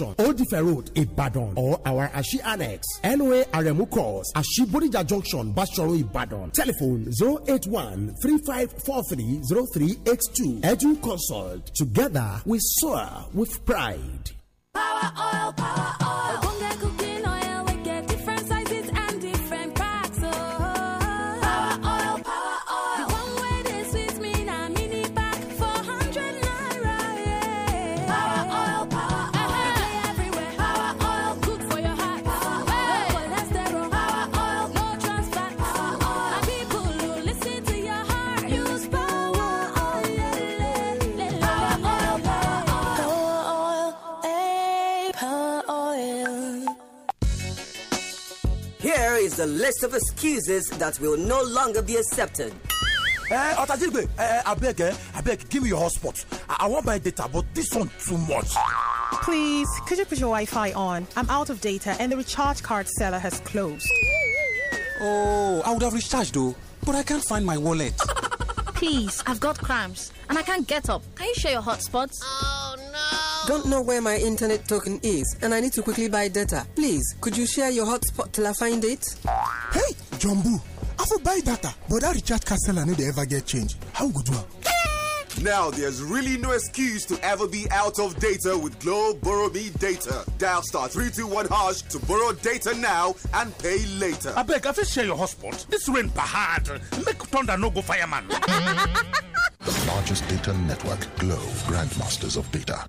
junction oldife road ibadan or our ashi annex NOA aremu course ashi bodija junction basoro ibadan telephone zero eight one three five four three zero three eight two edu consult together we soar with pride. Power oil, power oil. a list of excuses that will no longer be accepted. Eh, Otajigbe, eh, eh, I beg, eh, I beg, give me your hotspot. I, I want my data, but this one too much. Please, could you put your Wi-Fi on? I'm out of data and the recharge card seller has closed. Oh, I would have recharged though, but I can't find my wallet. Please, I've got cramps and I can't get up. Can you share your hotspots? Oh. Don't know where my internet token is and I need to quickly buy data. Please, could you share your hotspot till I find it? Hey, Jumbo, I will buy data, but I recharge Castle I know they ever get change. How good one? Now there's really no excuse to ever be out of data with Globe Borrow Me Data. Dial star 321 hash to borrow data now and pay later. I beg, I will share your hotspot. This rain bahad. Make thunder no go fireman. the largest data network, Globe grandmasters of data.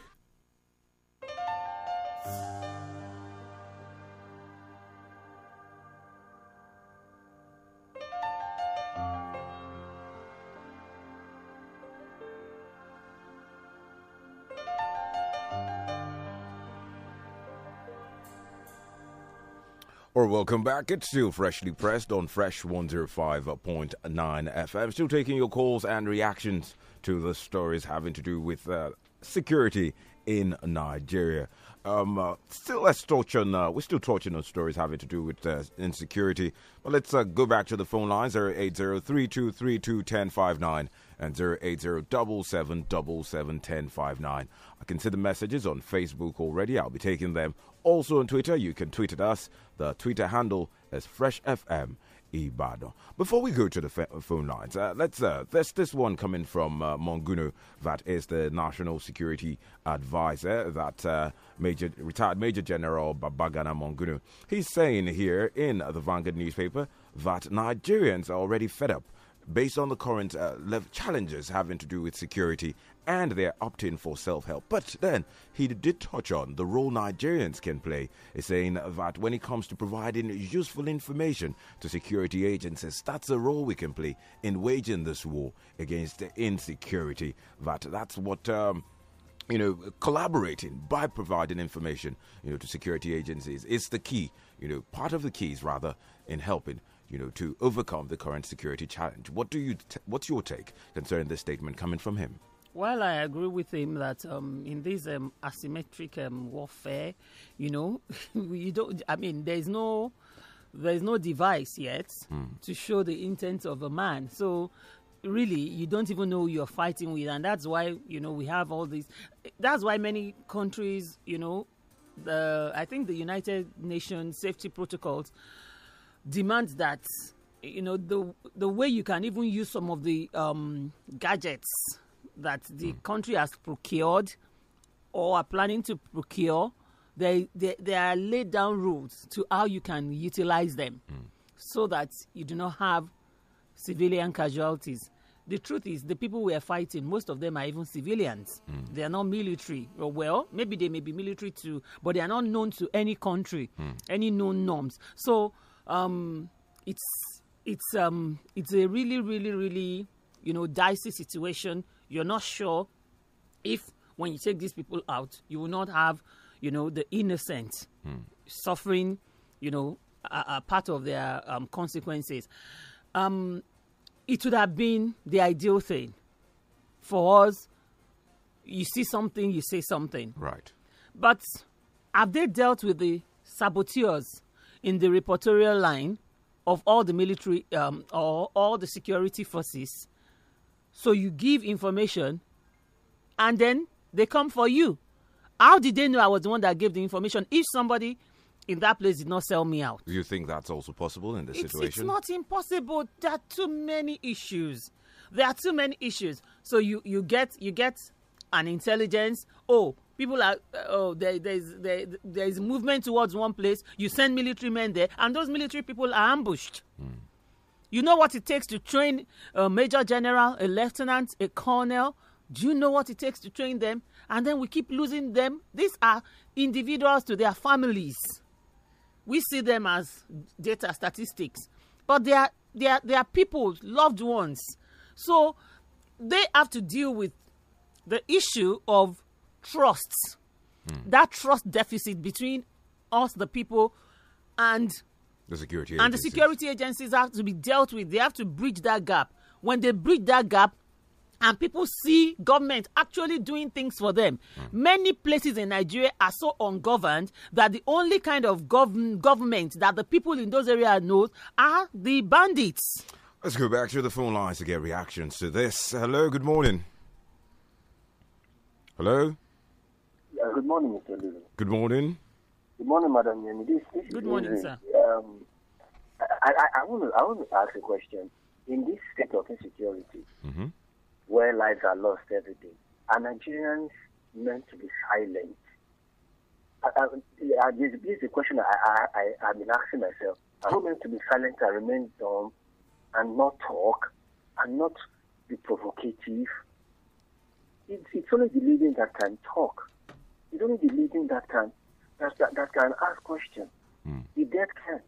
Or welcome back. It's still freshly pressed on Fresh 105.9 FM. Still taking your calls and reactions to the stories having to do with uh, security in Nigeria. Um, uh, still, let's touch on. Uh, we're still touching on stories having to do with uh, insecurity, but let's uh, go back to the phone lines: zero eight zero three two three two ten five nine and zero eight zero double seven double seven ten five nine. I can see the messages on Facebook already. I'll be taking them. Also on Twitter, you can tweet at us. The Twitter handle is Fresh FM. Ibadan. Before we go to the phone lines, uh, let's uh, there's this one coming from uh, Monguno, that is the National Security Advisor, that uh, Major retired Major General Babagana Monguno. He's saying here in the Vanguard newspaper that Nigerians are already fed up based on the current uh, challenges having to do with security and they're opting for self help. But then he did touch on the role Nigerians can play, saying that when it comes to providing useful information to security agencies, that's a role we can play in waging this war against insecurity. That that's what. Um, you know, collaborating by providing information, you know, to security agencies is the key, you know, part of the keys rather in helping you know, to overcome the current security challenge. What do you? what's your take concerning this statement coming from him? Well, I agree with him that um, in this um, asymmetric um, warfare, you know, you don't. I mean, there's no there's no device yet mm. to show the intent of a man. So really you don't even know you're fighting with and that's why you know we have all these that's why many countries you know the i think the united nations safety protocols demands that you know the the way you can even use some of the um, gadgets that the mm. country has procured or are planning to procure, they they they are laid down rules to how you can utilize them mm. so that you do not have civilian casualties. The truth is, the people we are fighting, most of them are even civilians. Mm. They are not military. Oh, well, maybe they may be military too, but they are not known to any country, hmm. any known norms. So um, it's it's um, it's a really, really, really you know dicey situation you're not sure if when you take these people out, you will not have, you know, the innocent mm. suffering, you know, a, a part of their um, consequences. Um, it would have been the ideal thing for us. You see something, you say something. Right. But have they dealt with the saboteurs in the reportorial line of all the military um, or all the security forces so you give information and then they come for you. How did they know I was the one that gave the information if somebody in that place did not sell me out? You think that's also possible in this it's, situation? It's not impossible. There are too many issues. There are too many issues. So you you get you get an intelligence. Oh, people are uh, oh there, there's there, there's movement towards one place. You send military men there, and those military people are ambushed. Mm. You know what it takes to train a major general, a lieutenant, a colonel? Do you know what it takes to train them? And then we keep losing them. These are individuals to their families. We see them as data statistics, but they are they are, they are people, loved ones. So they have to deal with the issue of trust. Mm. That trust deficit between us, the people, and the security and the security agencies have to be dealt with. They have to bridge that gap. When they bridge that gap, and people see government actually doing things for them. Mm. Many places in Nigeria are so ungoverned that the only kind of gov- government that the people in those areas know are the bandits. Let's go back to the phone lines to get reactions to this. Hello, good morning. Hello? Yeah, good morning, Mr. Good morning. Good morning, Madam This, this Good morning, sir. Um, I, I, I, want to, I want to ask a question. In this state of insecurity, mm-hmm. where lives are lost every day, are Nigerians meant to be silent? I, I, this, this is a question I, I, I, have been asking myself. Are we meant to be silent and remain dumb and not talk and not be provocative? It's it's only the leading that can talk. It's only the leading that can that, that, that can ask questions. Mm. The dead can.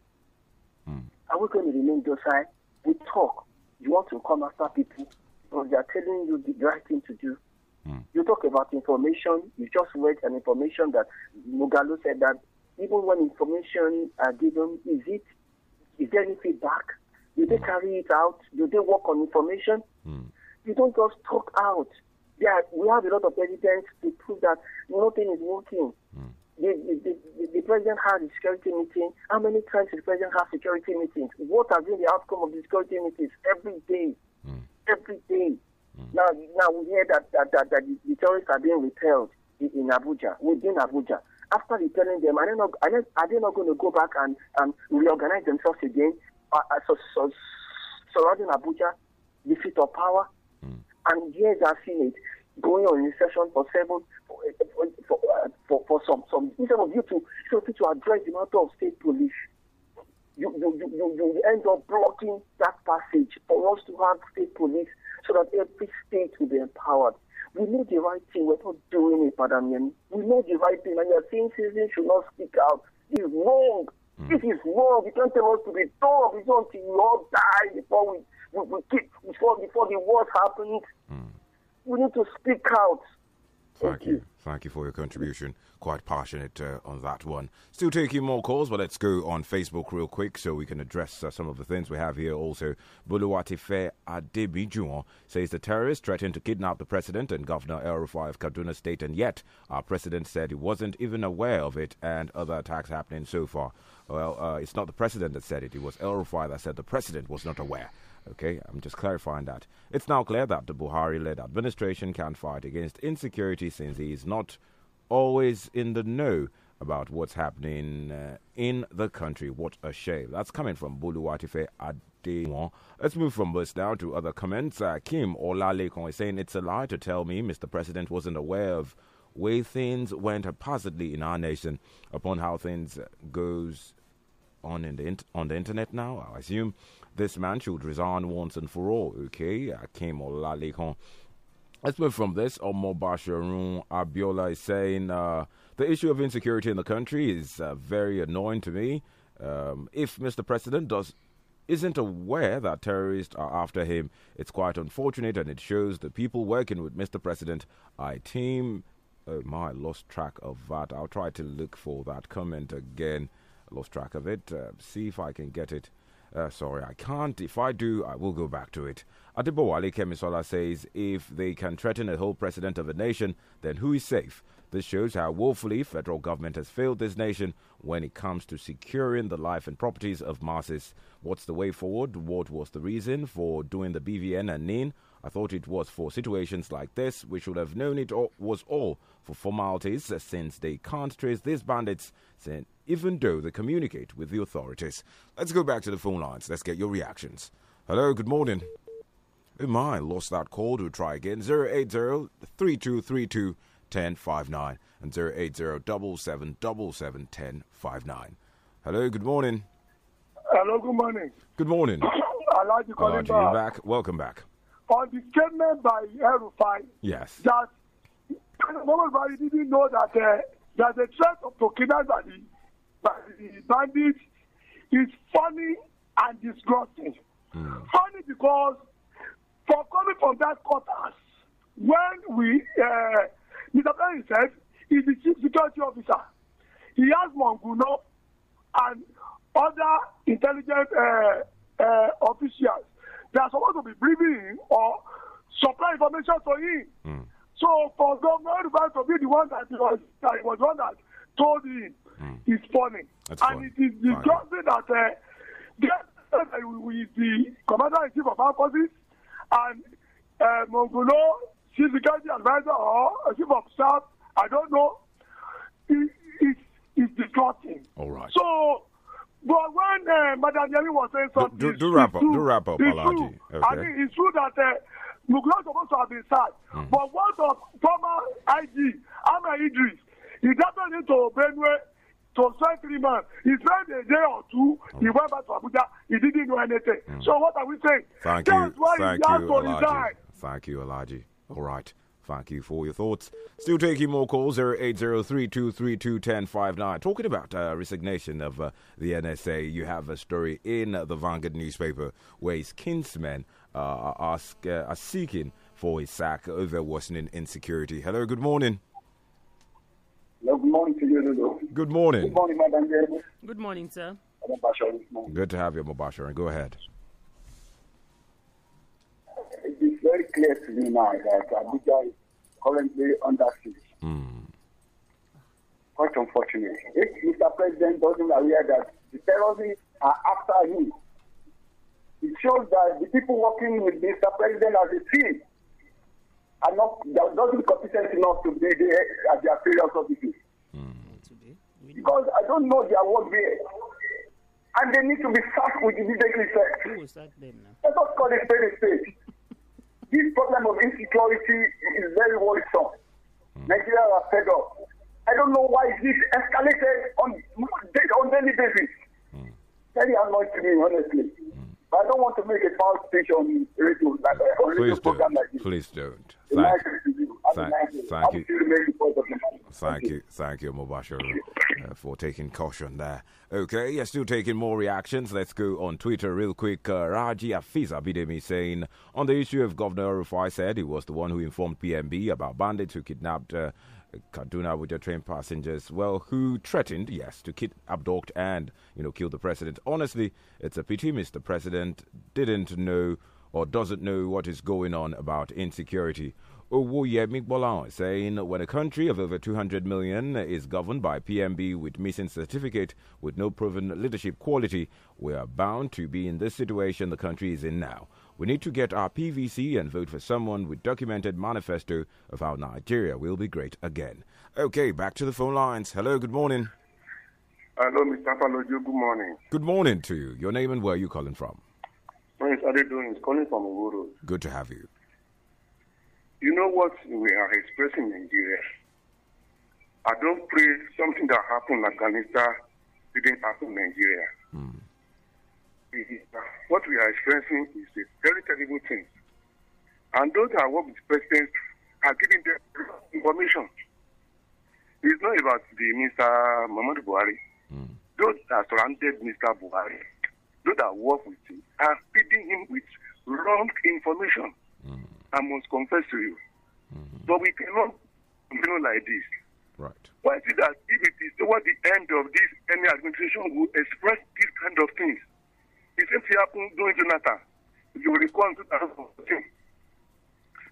Mm. Are we going to remain docile? We talk. You want to come after people because they are telling you the right thing to do. Mm. You talk about information. You just read an information that Mugalo said that even when information are given, is it is there any feedback? Do they hmm. carry it out? Do they work on information? Hmm. You don't just talk out. Yeah, we have a lot of evidence to prove that nothing is working. Mm. The, the, the, president had a security meeting. How many times did the president have security meetings? What has been the outcome of the security meetings? Every day. Mm. Every day. Mm. Now, now we hear that, that, that, that the terrorists are being repelled in, in Abuja, within Abuja. After repelling them, are they not, are they, are they not going to go back and, and reorganize themselves again, uh, so, uh, so, surrounding Abuja, defeat of power? Mm. And yes, I've seen it going on recession for seven for, for, for, for some some instead of you to you to address the matter of state police you, you, you, you, end up blocking that passage for us to have state police so that every state will be empowered. We know the right thing, we're not doing it, Madam Yemi. We know the right thing, and you're saying citizens should not speak out. It's wrong. Mm. This is wrong. You can't tell us to be dumb. It's until we all die before we, we, we keep, before, before the wars happens. Mm we need to speak out. Thank, you. Thank you for your contribution. Quite passionate uh, on that one. Still taking more calls, but let's go on Facebook real quick so we can address uh, some of the things we have here. Also, Buluwatife Adebijuan says the terrorists threatened to kidnap the president and Governor El Rufai of Kaduna State, and yet our president said he wasn't even aware of it and other attacks happening so far. Well, uh, it's not the president that said it, it was El Rufai that said the president was not aware. Okay, I'm just clarifying that. It's now clear that the Buhari led administration can fight against insecurity since he is not always in the know about what's happening uh, in the country. What a shame. That's coming from Buluwatife Adewon. Let's move from this now to other comments. Uh, Kim Olalekon is saying, It's a lie to tell me Mr. President wasn't aware of way things went haphazardly in our nation upon how things goes on in the on the internet now, I assume this man should resign once and for all. Okay, Akim Olalekan. Let's move from this. Omar Basharun Abiola is saying uh, the issue of insecurity in the country is uh, very annoying to me. Um, if Mr. President does isn't aware that terrorists are after him, it's quite unfortunate, and it shows the people working with Mr. President I team. Oh my, I lost track of that. I'll try to look for that comment again. lost track of it. Uh, see if I can get it. Uh, sorry, I can't. If I do, I will go back to it. Adibowale Kemisola says if they can threaten a whole president of a nation, then who is safe? This shows how woefully federal government has failed this nation when it comes to securing the life and properties of masses. What's the way forward? What was the reason for doing the BVN and NIN? I thought it was for situations like this. We should have known it was all for formalities since they can't trace these bandits even though they communicate with the authorities. Let's go back to the phone lines. Let's get your reactions. Hello, good morning. Oh my, lost that call. Do try again. 080 3232 1059 and 080 777 1059. Hello, good morning. Hello, good morning. Good morning. I like you calling back. back. Welcome back. On the statement by Erufai, yes, that Muhammad didn't know that uh, there's a threat of Burkina Faso bandits is funny and disgusting. Mm. Funny because for coming from that quarters, when we, uh, Mr. Perry said, he's the chief security officer. He has Monguno and other intelligence uh, uh, officials. They are supposed to be briefing or supply information to him. Mm. So for Governor Rufai to be the one that was, that was one that told him mm. funny, forming. That's and fun. it is discussing that uh, the, uh, with the commander in chief of our forces and uh, Mongolo, she's the guardian advisor or chief of staff, I don't know. It, it, it's distorting. All right. So, but when uh, Madam Yemi was saying something, do, do, do wrap up, do wrap up, Alaji. Okay. I mean, it's true that uh, Mugula supposed to have been sacked, mm. but what of former IG Ahmed Idris? He doesn't need to Benue to sign three months. He spent a day or two. He went back to Abuja. He didn't know anything. Mm. So what are we saying? Thank That's you. Thank you, Thank you, Elijah. All right. Thank you for your thoughts. Still taking more calls 0803232159. Talking about uh, resignation of uh, the NSA, you have a story in uh, the Vanguard newspaper where his kinsmen uh, are, ask, uh, are seeking for his sack over worsening insecurity. Hello, good morning. Hello, good morning Good morning. Good morning, Madam Good morning, sir. Good to have you, Mubashir. Go ahead. It is very clear to me now that Abuja is currently under siege. Mm. Quite unfortunate. If Mr. President doesn't aware that the terrorists are after him, it shows that the people working with Mr. President as a team are not, they are not competent enough to be there at uh, their previous offices. Mm because I don't know their workwear. And they need to be sacked with immediate effect. that then? Let us call it spade a this problem of insecurity is very worrisome. Mm. Nigeria are fed up. I don't know why this escalated on, on daily basis. Mm. Very annoying to me, honestly. But I don't want to make a foul speech on radio, like, like this. Please don't. thank, you. Thank, thank, thank you. Thank you. Thank you, Mubasher, uh, for taking caution there. Okay, you're still taking more reactions. Let's go on Twitter real quick. Uh, Raji Afiza Bidemi saying, on the issue of Governor Rufai said he was the one who informed PMB about bandits who kidnapped... Uh, Kaduna your train passengers, well, who threatened, yes, to kid, abduct and, you know, kill the president. Honestly, it's a pity Mr. President didn't know or doesn't know what is going on about insecurity Owoyemi Bolan saying when a country of over 200 million is governed by PMB with missing certificate with no proven leadership quality, we are bound to be in this situation the country is in now. We need to get our PVC and vote for someone with documented manifesto of how Nigeria will be great again. Okay, back to the phone lines. Hello, good morning. Hello, Mr. Palojo. Good morning. Good morning to you. Your name and where are you calling from? My name is Adi Doing. calling from Uguru. Good to have you. You know what we are expressing in Nigeria? I don't pray something that happened in Afghanistan didn't happen in Nigeria. Mm. What we are experiencing is a very terrible thing. And those that work with presidents are giving them information. It's not about the Mr. Muhammad Buhari. Mm. Those that surrounded Mr. Buhari, those that work with him, are feeding him with wrong information. Mm. I must confess to you. Mm-hmm. But we cannot continue like this. Right. Why is it that if it is toward the end of this, any administration will express these kind of things? The same thing happened during Jonathan. You recall in 2014.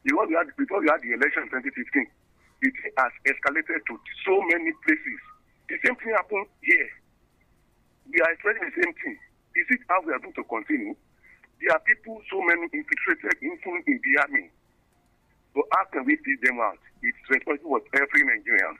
Because we had, before we had the election in 2015, it has escalated to so many places. The same thing happened here. We are expressing the same thing. Is it how we are going to continue? There are people, so many infiltrated even in the army. So how can we see them out? It's responsible of every Nigerian.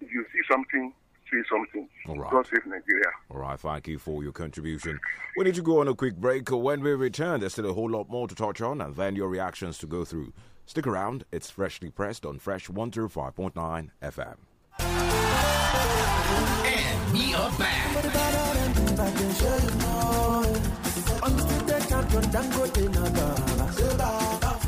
If you see something, say something. All right. God save Nigeria. All right. Thank you for your contribution. We need to go on a quick break. When we return, there's still a whole lot more to touch on and then your reactions to go through. Stick around. It's freshly pressed on Fresh 105.9 FM. And we are back. John Dangote Naga.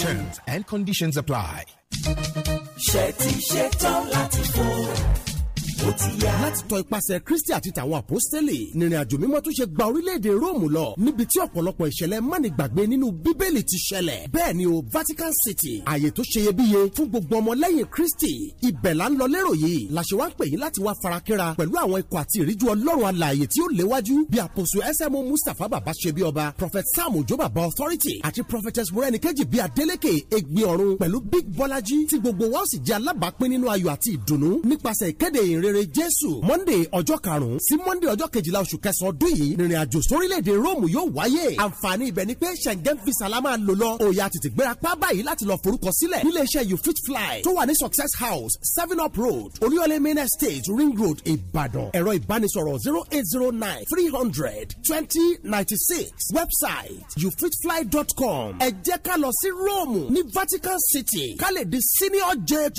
Terms and conditions apply. ó ti yá. láti tọ ipasẹ̀ kristi àti tàwọn àpọ́sítélì nìrìn àjò mímọ́ tún ṣe gba orílẹ̀-èdè róòmù lọ níbi tí ọ̀pọ̀lọpọ̀ ìṣẹ̀lẹ̀ mánigbàgbé nínú bíbélì ti ṣẹlẹ̀ bẹ́ẹ̀ ni o vatican city àyè tó ṣeyebíye fún gbogbo ọmọlẹ́yìn kristi ibẹ̀ là ń lọ lérò yìí làṣẹ wá ń pè yín láti wá farakínra pẹ̀lú àwọn ikọ̀ àti ìríjú ọlọ́run alààyè tí ó léwájú bí àpòsù smo mustapha bàbá ṣe bí ọba prophet sam òjó bàbá authority àti prophetess mọ́rẹ́nikẹ́jì bí adélèké ègbé ọ̀run pẹ̀lú big bọ́lájí tí gbogbo wa ó sì jẹ́ alábàápín nínú ayọ̀ àti ìdùnnú nípasẹ̀ ìkéde ìrere ìrere jésù monday ọjọ́ karùn-ún sí monday ọjọ́ kejìlá oṣù kẹsàn-án ọdún yìí nìrìn àjò sórílẹ̀-èdè rome yóò wáyé àǹfààní ibẹ̀ ni pé schengen visa la máa lò lọ òòyà tètè gbéra pa báyìí láti lọ forúkọ sílẹ̀ nílé iṣẹ́ you fit fly tó wà ní success house seven up road olúyọlé main estate ring road ìbàdàn ẹ̀rọ ìbánisọ̀rọ̀ zero eight zero nine three hundred twenty ninety six website youfitfly.com ẹ jẹ́ ká lọ sí rome ní vatican city ká lè di senior jp.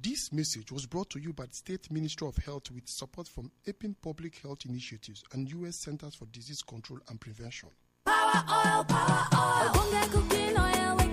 This message was brought to you by the State Ministry of Health with support from APIN Public Health Initiatives and U.S. Centers for Disease Control and Prevention. Power oil, power oil.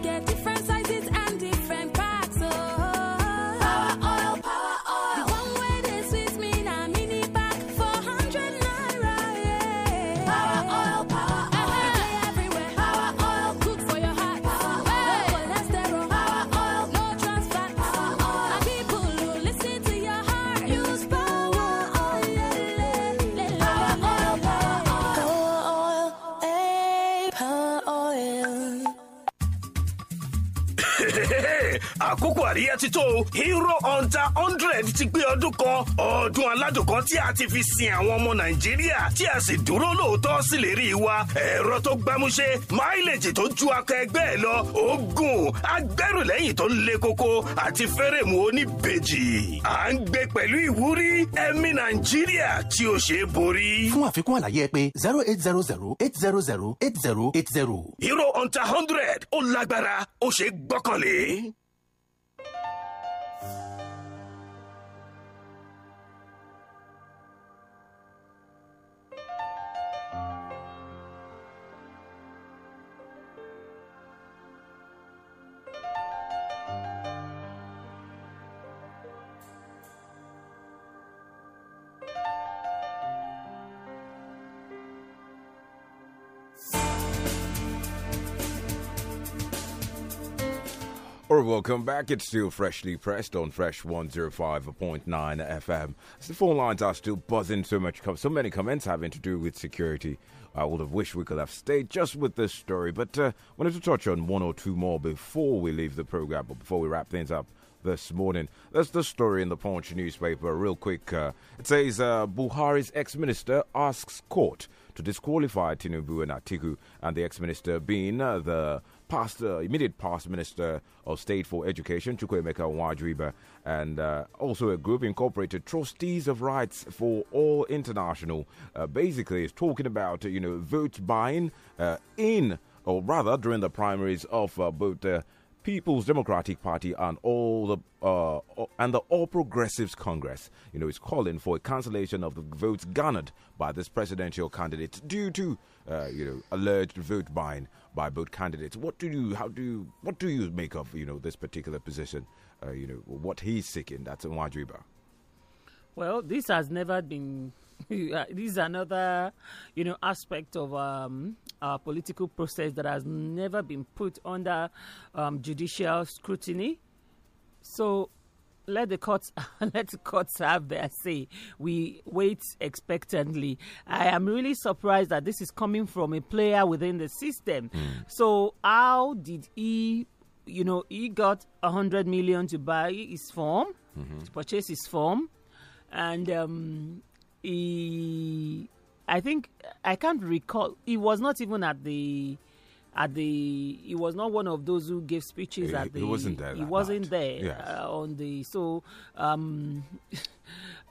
ti tó o Hero Hunter hundred ti gbé ọdún kan ọdún aládùn tí a ti fi sin àwọn ọmọ Nàìjíríà tí a sì dúró lóòótọ́ sí lè rí i wa ẹ̀rọ tó gbámúṣé máìlèjì tó ju akọ ẹgbẹ́ ẹ lọ oògùn agbẹrùlẹ́yìn tó le koko àti fẹ́rẹ̀mù oníbejì à ń gbé pẹ̀lú ìwúrí ẹ̀mí Nàìjíríà tí ó ṣe é borí. fún àfikún àlàyé ẹ pé zero eight zero zero eight zero zero eight zero eight zero. Hero Hunter hundred ó lágbára ó ṣe gbọ́kànlé. Bye. Or welcome back. It's still freshly pressed on Fresh 105.9 FM. As the phone lines are still buzzing so much. So many comments having to do with security. I would have wished we could have stayed just with this story, but uh, wanted to touch on one or two more before we leave the program, but before we wrap things up this morning. there's the story in the Punch newspaper, real quick. Uh, it says uh, Buhari's ex minister asks court to disqualify Tinubu and Atiku, and the ex minister being uh, the past immediate past Minister of State for Education, Chukwemeka Wadriba, and uh, also a group incorporated Trustees of Rights for All International, uh, basically is talking about, you know, vote buying uh, in, or rather during the primaries of uh, both the People's Democratic Party and all the uh, and the All Progressives Congress, you know, is calling for a cancellation of the votes garnered by this presidential candidate due to, uh, you know, alleged vote buying by both candidates. What do you, how do you, what do you make of you know this particular position? Uh, you know what he's seeking. That's Nwajiba. Well, this has never been. this is another, you know, aspect of um, our political process that has never been put under um, judicial scrutiny. So let the courts let the courts have their say. We wait expectantly. I am really surprised that this is coming from a player within the system. Hmm. So how did he? You know, he got a hundred million to buy his form, mm-hmm. to purchase his form, and um, he. I think I can't recall. He was not even at the at the he was not one of those who gave speeches he, at the he wasn't there he wasn't there yes. uh, on the so um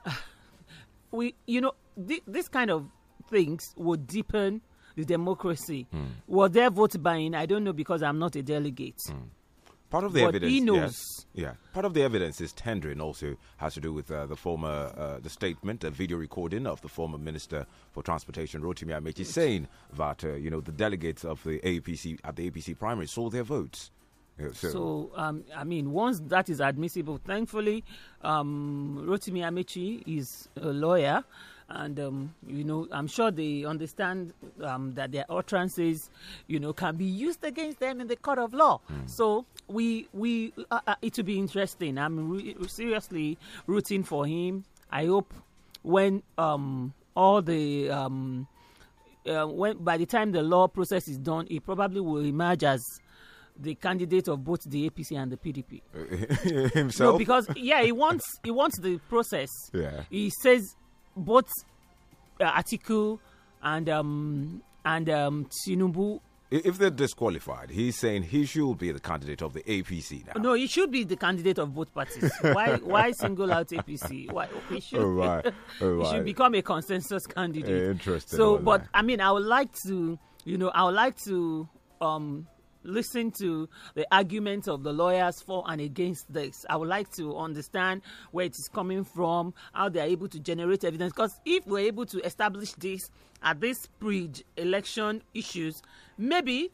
we you know th- this kind of things would deepen the democracy mm. was there vote buying i don't know because i'm not a delegate mm. Part of the what evidence, he knows. Yeah, yeah, part of the evidence is tendering. Also has to do with uh, the former, uh, the statement, a video recording of the former minister for transportation, Rotimi Amechi, saying that uh, you know the delegates of the APC at the APC primary saw their votes. so, so um, I mean, once that is admissible, thankfully, um, Rotimi Amechi is a lawyer and um, you know i'm sure they understand um, that their utterances you know can be used against them in the court of law mm. so we we uh, uh, it will be interesting i'm re- seriously rooting for him i hope when um, all the um, uh, when by the time the law process is done he probably will emerge as the candidate of both the APC and the PDP. Himself? No, because yeah, he wants he wants the process. Yeah. He says both uh, Atiku and um, and um, Tinubu. If they're disqualified, he's saying he should be the candidate of the APC now. No, he should be the candidate of both parties. why why single out APC? Why he should, all right, all right. he should become a consensus candidate. Interesting. So, but that. I mean, I would like to, you know, I would like to um, listen to the arguments of the lawyers for and against this. I would like to understand where it is coming from, how they are able to generate evidence. Because if we're able to establish this at this bridge election issues, maybe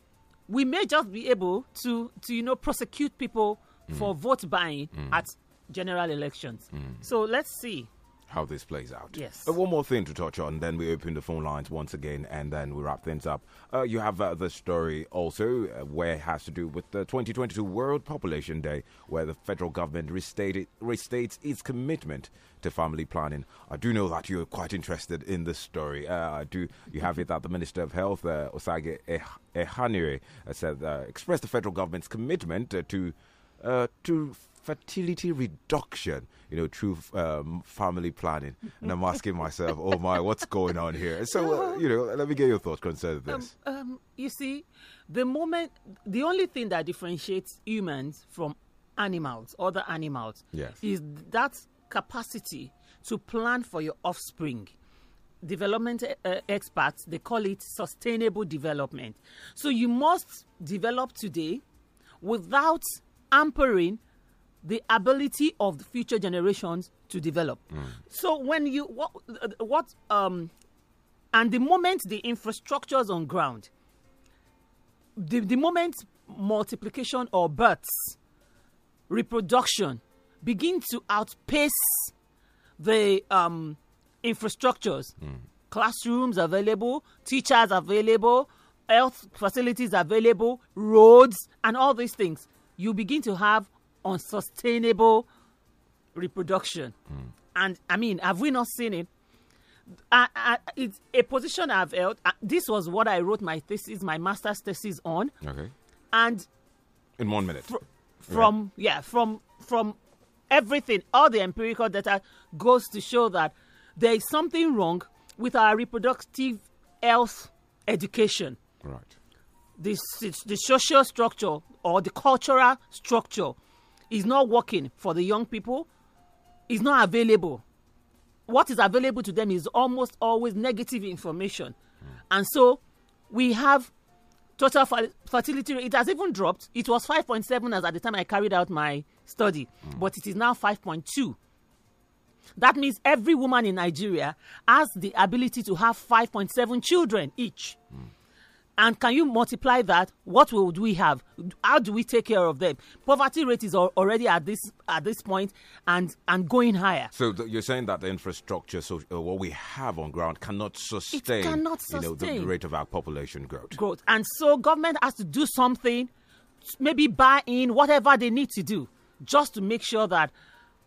we may just be able to, to you know, prosecute people mm. for vote buying mm. at general elections. Mm. So let's see how this plays out. Yes. Uh, one more thing to touch on, then we open the phone lines once again and then we wrap things up. Uh, you have uh, the story also uh, where it has to do with the 2022 World Population Day, where the federal government restated, restates its commitment to family planning. I do know that you're quite interested in this story. Uh, I do. You have it that the Minister of Health, uh, Osage Ehanire, said, expressed the federal government's commitment to to fertility reduction, you know, through um, family planning. And I'm asking myself, oh my, what's going on here? So, uh, you know, let me get your thoughts concerning um, this. Um, um, you see, the moment, the only thing that differentiates humans from animals, other animals, yes. is that capacity to plan for your offspring development uh, experts they call it sustainable development so you must develop today without hampering the ability of the future generations to develop. Mm. So when you what, what um, and the moment the infrastructure is on ground, the, the moment multiplication or births, reproduction begin to outpace the um, infrastructures. Mm. Classrooms available, teachers available, health facilities available, roads, and all these things. You begin to have unsustainable reproduction. Mm. And I mean, have we not seen it? I, I, it's a position I've held. This was what I wrote my thesis, my master's thesis on. Okay. And in one minute. Fr from yeah. yeah, from from everything, all the empirical data goes to show that there is something wrong with our reproductive health education. Right. This the social structure or the cultural structure is not working for the young people, is not available. What is available to them is almost always negative information. Mm. And so we have total fertility rate. It has even dropped. It was 5.7 as at the time I carried out my study, mm. but it is now 5.2. That means every woman in Nigeria has the ability to have 5.7 children each. Mm and can you multiply that what would we have how do we take care of them poverty rate is already at this at this point and and going higher so th- you're saying that the infrastructure so uh, what we have on ground cannot sustain, it cannot sustain you know the rate of our population growth growth and so government has to do something maybe buy in whatever they need to do just to make sure that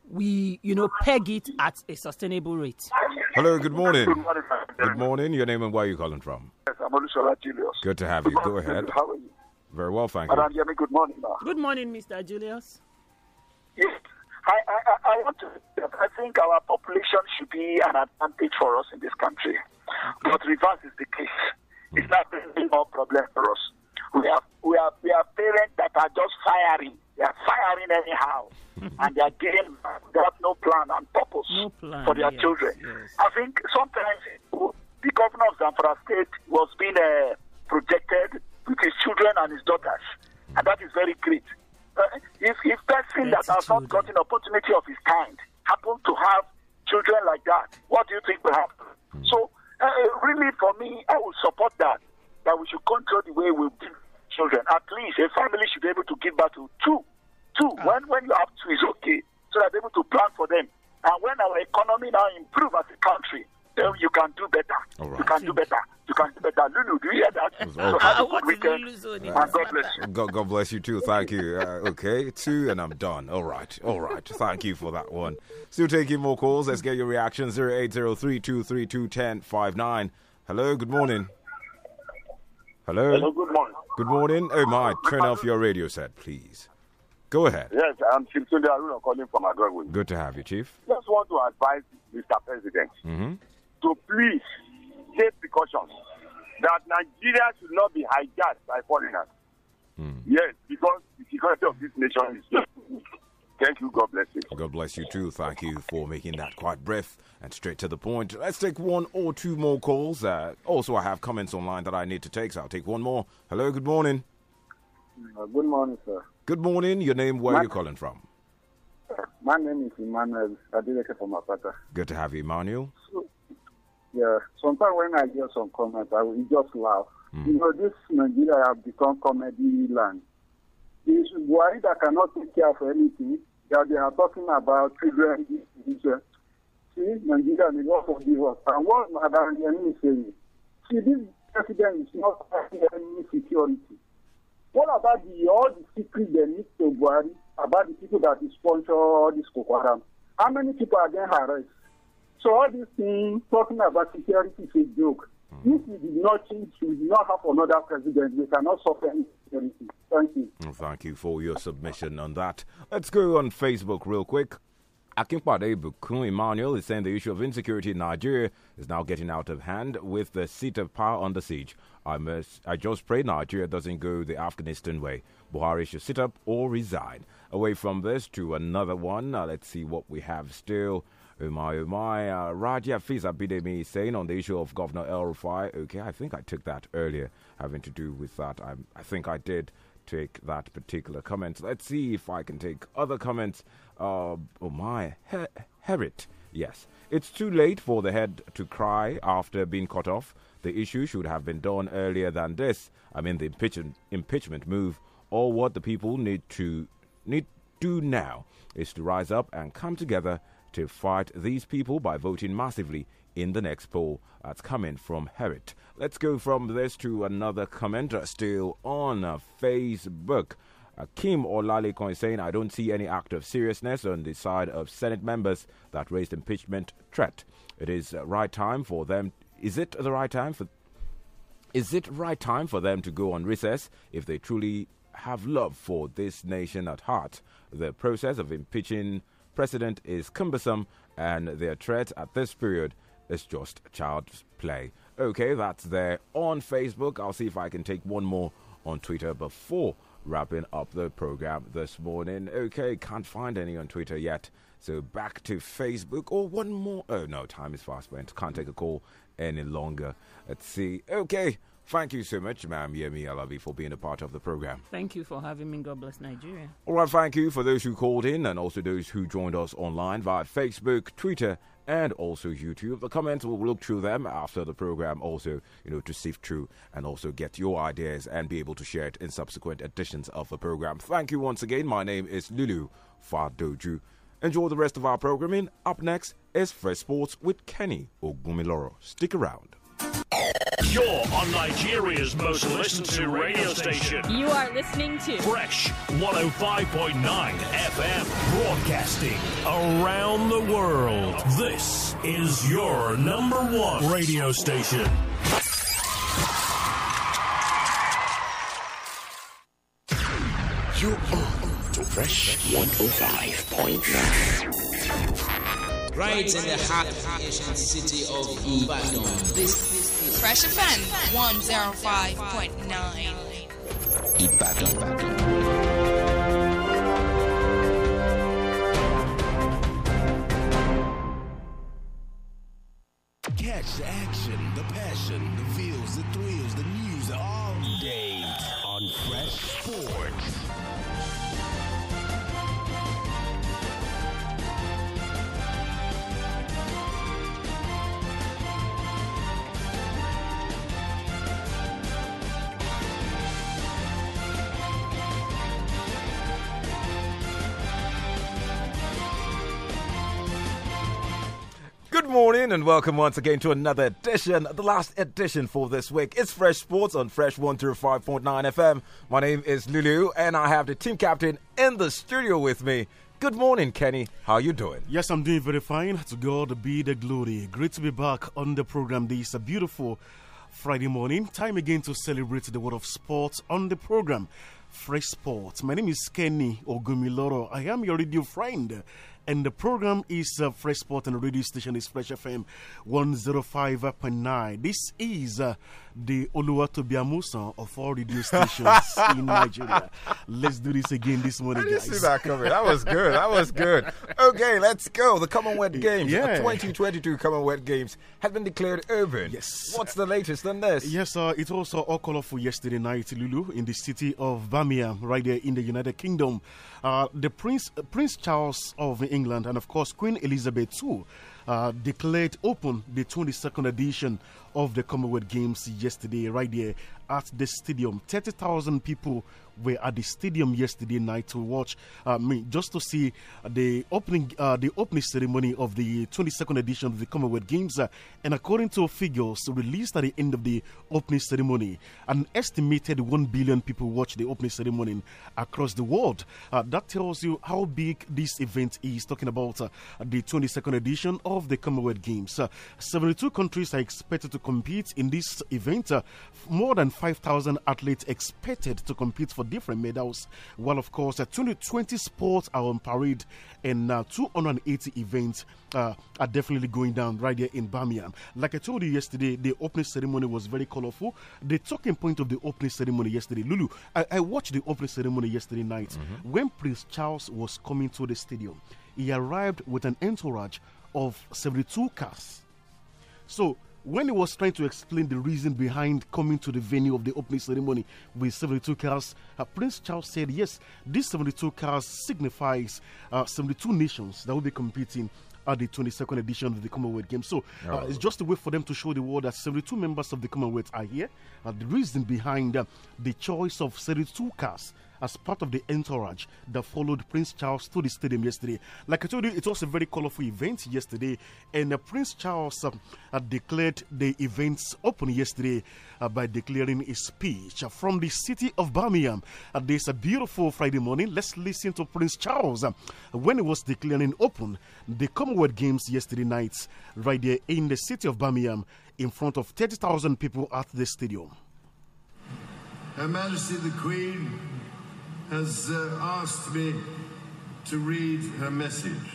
we you know peg it at a sustainable rate Hello, good morning. Good morning. Good morning. Your name and where are you calling from? Yes, I'm Olusola Julius. Good to have you. Go ahead. How are you? Very well, thank Madam you. Madam good morning. Ma. Good morning, Mr. Julius. Yes, I, I, I want to. I think our population should be an advantage for us in this country, but reverse is the case. It's hmm. not really more problem for us. We have we have we have parents that are just firing they are firing anyhow. and they are getting without no plan and purpose no plan, for their yes, children. Yes. I think sometimes the governor of Zamfara State was being uh, projected with his children and his daughters. And that is very great. Uh, if, if person that has not gotten opportunity of his kind happen to have children like that, what do you think will happen? So, uh, really, for me, I will support that, that we should control the way we children. At least a family should be able to give birth to two. Two. Ah. When, when you have two, it's okay. So that they're able to plan for them. And when our economy now improves, as a country, then you can do better. Right. You can do better. You can do better. Lulu, do you hear that? So have a good weekend. And God bless you. God, God bless you too. Thank you. Uh, okay, two, and I'm done. All right. All right. Thank you for that one. Still taking more calls. Let's get your reactions. three two ten five nine. Hello, good morning. Hello. Hello, good morning. Good morning. Oh my, turn off your radio set, please. Go ahead. Yes, I'm Shimtunde Aruna calling from Agrawin. Good to have you, Chief. Just want to advise Mr. President mm-hmm. to please take precautions that Nigeria should not be hijacked by foreigners. Mm. Yes, because the security of this nation is Thank you. God bless you. God bless you too. Thank you for making that quite brief and straight to the point. Let's take one or two more calls. Uh, also, I have comments online that I need to take, so I'll take one more. Hello, good morning. Uh, good morning, sir. Good morning. Your name, where my, are you calling from? my name is Emmanuel Adeleke from Apata. Good to have you, Emmanuel. yeah, sometimes when I hear some comments, I will just laugh. Mm. You know, this Nigeria have become comedy land. This why that cannot take care of anything that they are talking about children division. See, Nigeria may not forgive us. And what Madam Yemi is saying, see, this president is not any security. What about the all the secret they need to worry about the people that sponsor this Boko How many people are getting harassed? So all these things talking about security is a joke. Hmm. If we did not change, we did not have another president, we cannot suffer anything. Thank you. Thank you for your submission on that. Let's go on Facebook real quick. Akinpade Bukun Emmanuel is saying the issue of insecurity in Nigeria is now getting out of hand with the seat of power under siege. I must, I just pray Nigeria doesn't go the Afghanistan way. Buhari should sit up or resign. Away from this to another one. let's see what we have still my, Umay uh, Raja Fiza Bidemi saying on the issue of Governor El Rufai. Okay, I think I took that earlier, having to do with that. I, I think I did take that particular comment. Let's see if I can take other comments. Uh, oh my, Her- Herit. Yes, it's too late for the head to cry after being cut off. The issue should have been done earlier than this. I mean, the impeachment, impeachment move, All what the people need to need do now is to rise up and come together to fight these people by voting massively in the next poll. That's coming from Herit. Let's go from this to another commenter still on Facebook. Uh, Kim Olalekon is saying, I don't see any act of seriousness on the side of Senate members that raised impeachment threat. It is uh, right time for them. Is it the right time for? Is it right time for them to go on recess if they truly have love for this nation at heart? The process of impeaching precedent is cumbersome, and their threat at this period is just child's play. Okay, that's there on Facebook. I'll see if I can take one more on Twitter before wrapping up the program this morning. Okay, can't find any on Twitter yet. So back to Facebook or oh, one more. Oh no, time is fast spent. Can't take a call any longer. Let's see. Okay, Thank you so much, ma'am Yemi Alavi, for being a part of the program. Thank you for having me. God bless Nigeria. All right, thank you for those who called in and also those who joined us online via Facebook, Twitter, and also YouTube. The comments will look through them after the program, also, you know, to sift through and also get your ideas and be able to share it in subsequent editions of the program. Thank you once again. My name is Lulu Fadoju. Enjoy the rest of our programming. Up next is Fresh Sports with Kenny Ogumiloro. Stick around. You're on Nigeria's most listened to radio station. You are listening to Fresh 105.9 FM, broadcasting around the world. This is your number one radio station. You are to Fresh 105.9. Right in the heart of the Asian city of Ibadan. This Fresh offense 105.9. Eat battle. battle. Catch the action, the passion, the feels, the thrills, the news all day on Fresh Sports. afternoon and welcome once again to another edition, the last edition for this week. It's Fresh Sports on Fresh 105.9 FM. My name is Lulu and I have the team captain in the studio with me. Good morning, Kenny. How you doing? Yes, I'm doing very fine. To God be the glory. Great to be back on the program. This a beautiful Friday morning. Time again to celebrate the world of sports on the program. Fresh Sports. My name is Kenny Ogumiloro. I am your radio friend and the program is uh, Fresh Sport, and the radio station is Fresh FM 105.9. This is. Uh, the Oluwatobiamu son of all radio stations in Nigeria. Let's do this again this morning, guys. See that coming. That was good. That was good. Okay, let's go. The Commonwealth Games, yeah. the 2022 Commonwealth Games, have been declared over. Yes. What's the latest on this? Yes, uh, it also all colorful yesterday night, Lulu, in the city of Birmingham, right there in the United Kingdom. Uh, the Prince uh, Prince Charles of England and of course Queen Elizabeth II. Uh, declared open the 22nd edition of the Commonwealth Games yesterday, right there at the stadium. 30,000 people were at the stadium yesterday night to watch uh, just to see the opening uh, the opening ceremony of the 22nd edition of the Commonwealth Games. Uh, and according to figures released at the end of the opening ceremony, an estimated 1 billion people watched the opening ceremony across the world. Uh, that tells you how big this event is. Talking about uh, the 22nd edition of the Commonwealth Games, uh, 72 countries are expected to compete in this event. Uh, more than 5,000 athletes expected to compete for different medals, while, well, of course, uh, 20, sports are on parade and uh, 280 events are definitely going down right here in Birmingham. Like I told you yesterday, the opening ceremony was very colorful. The talking point of the opening ceremony yesterday, Lulu, I, I watched the opening ceremony yesterday night. Mm -hmm. When Prince Charles was coming to the stadium, he arrived with an entourage of 72 cars. So when he was trying to explain the reason behind coming to the venue of the opening ceremony with 72 cars, uh, Prince Charles said, yes, these 72 cars signifies uh, 72 nations that will be competing at the 22nd edition of the Commonwealth Games. So uh, oh. it's just a way for them to show the world that 72 members of the Commonwealth are here. Uh, the reason behind uh, the choice of 72 cars as part of the entourage that followed Prince Charles to the stadium yesterday. Like I told you, it was a very colorful event yesterday, and uh, Prince Charles uh, declared the events open yesterday uh, by declaring a speech from the city of Birmingham. Uh, this a beautiful Friday morning. Let's listen to Prince Charles um, when he was declaring open the Commonwealth Games yesterday night, right there in the city of Birmingham, in front of 30,000 people at the stadium. Her Majesty the Queen has uh, asked me to read her message.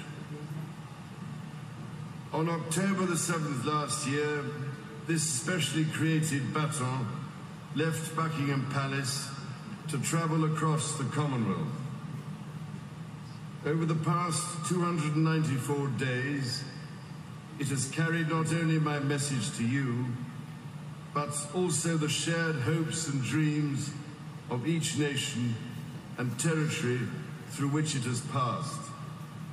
On October the 7th last year, this specially created baton left Buckingham Palace to travel across the Commonwealth. Over the past 294 days, it has carried not only my message to you, but also the shared hopes and dreams of each nation and territory through which it has passed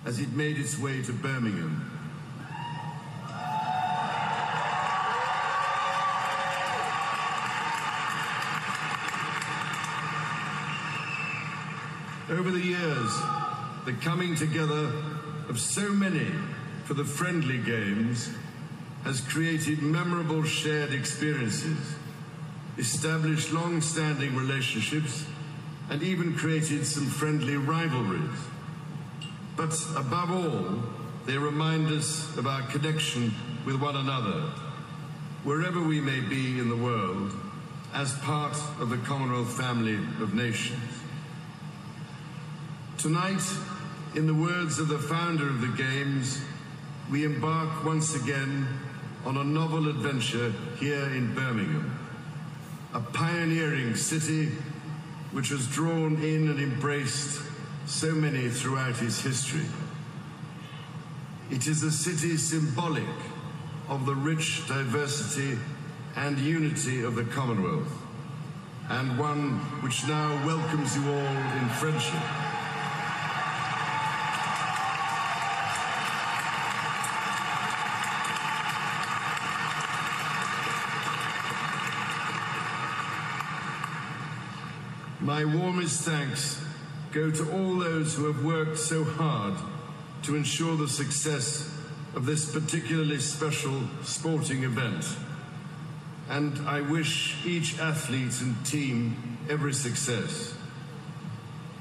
as it made its way to Birmingham. Over the years, the coming together of so many for the friendly games has created memorable shared experiences, established long-standing relationships, and even created some friendly rivalries. But above all, they remind us of our connection with one another, wherever we may be in the world, as part of the Commonwealth family of nations. Tonight, in the words of the founder of the Games, we embark once again on a novel adventure here in Birmingham, a pioneering city which has drawn in and embraced so many throughout its history. It is a city symbolic of the rich diversity and unity of the Commonwealth, and one which now welcomes you all in friendship. my warmest thanks go to all those who have worked so hard to ensure the success of this particularly special sporting event. And I wish each athlete and team every success.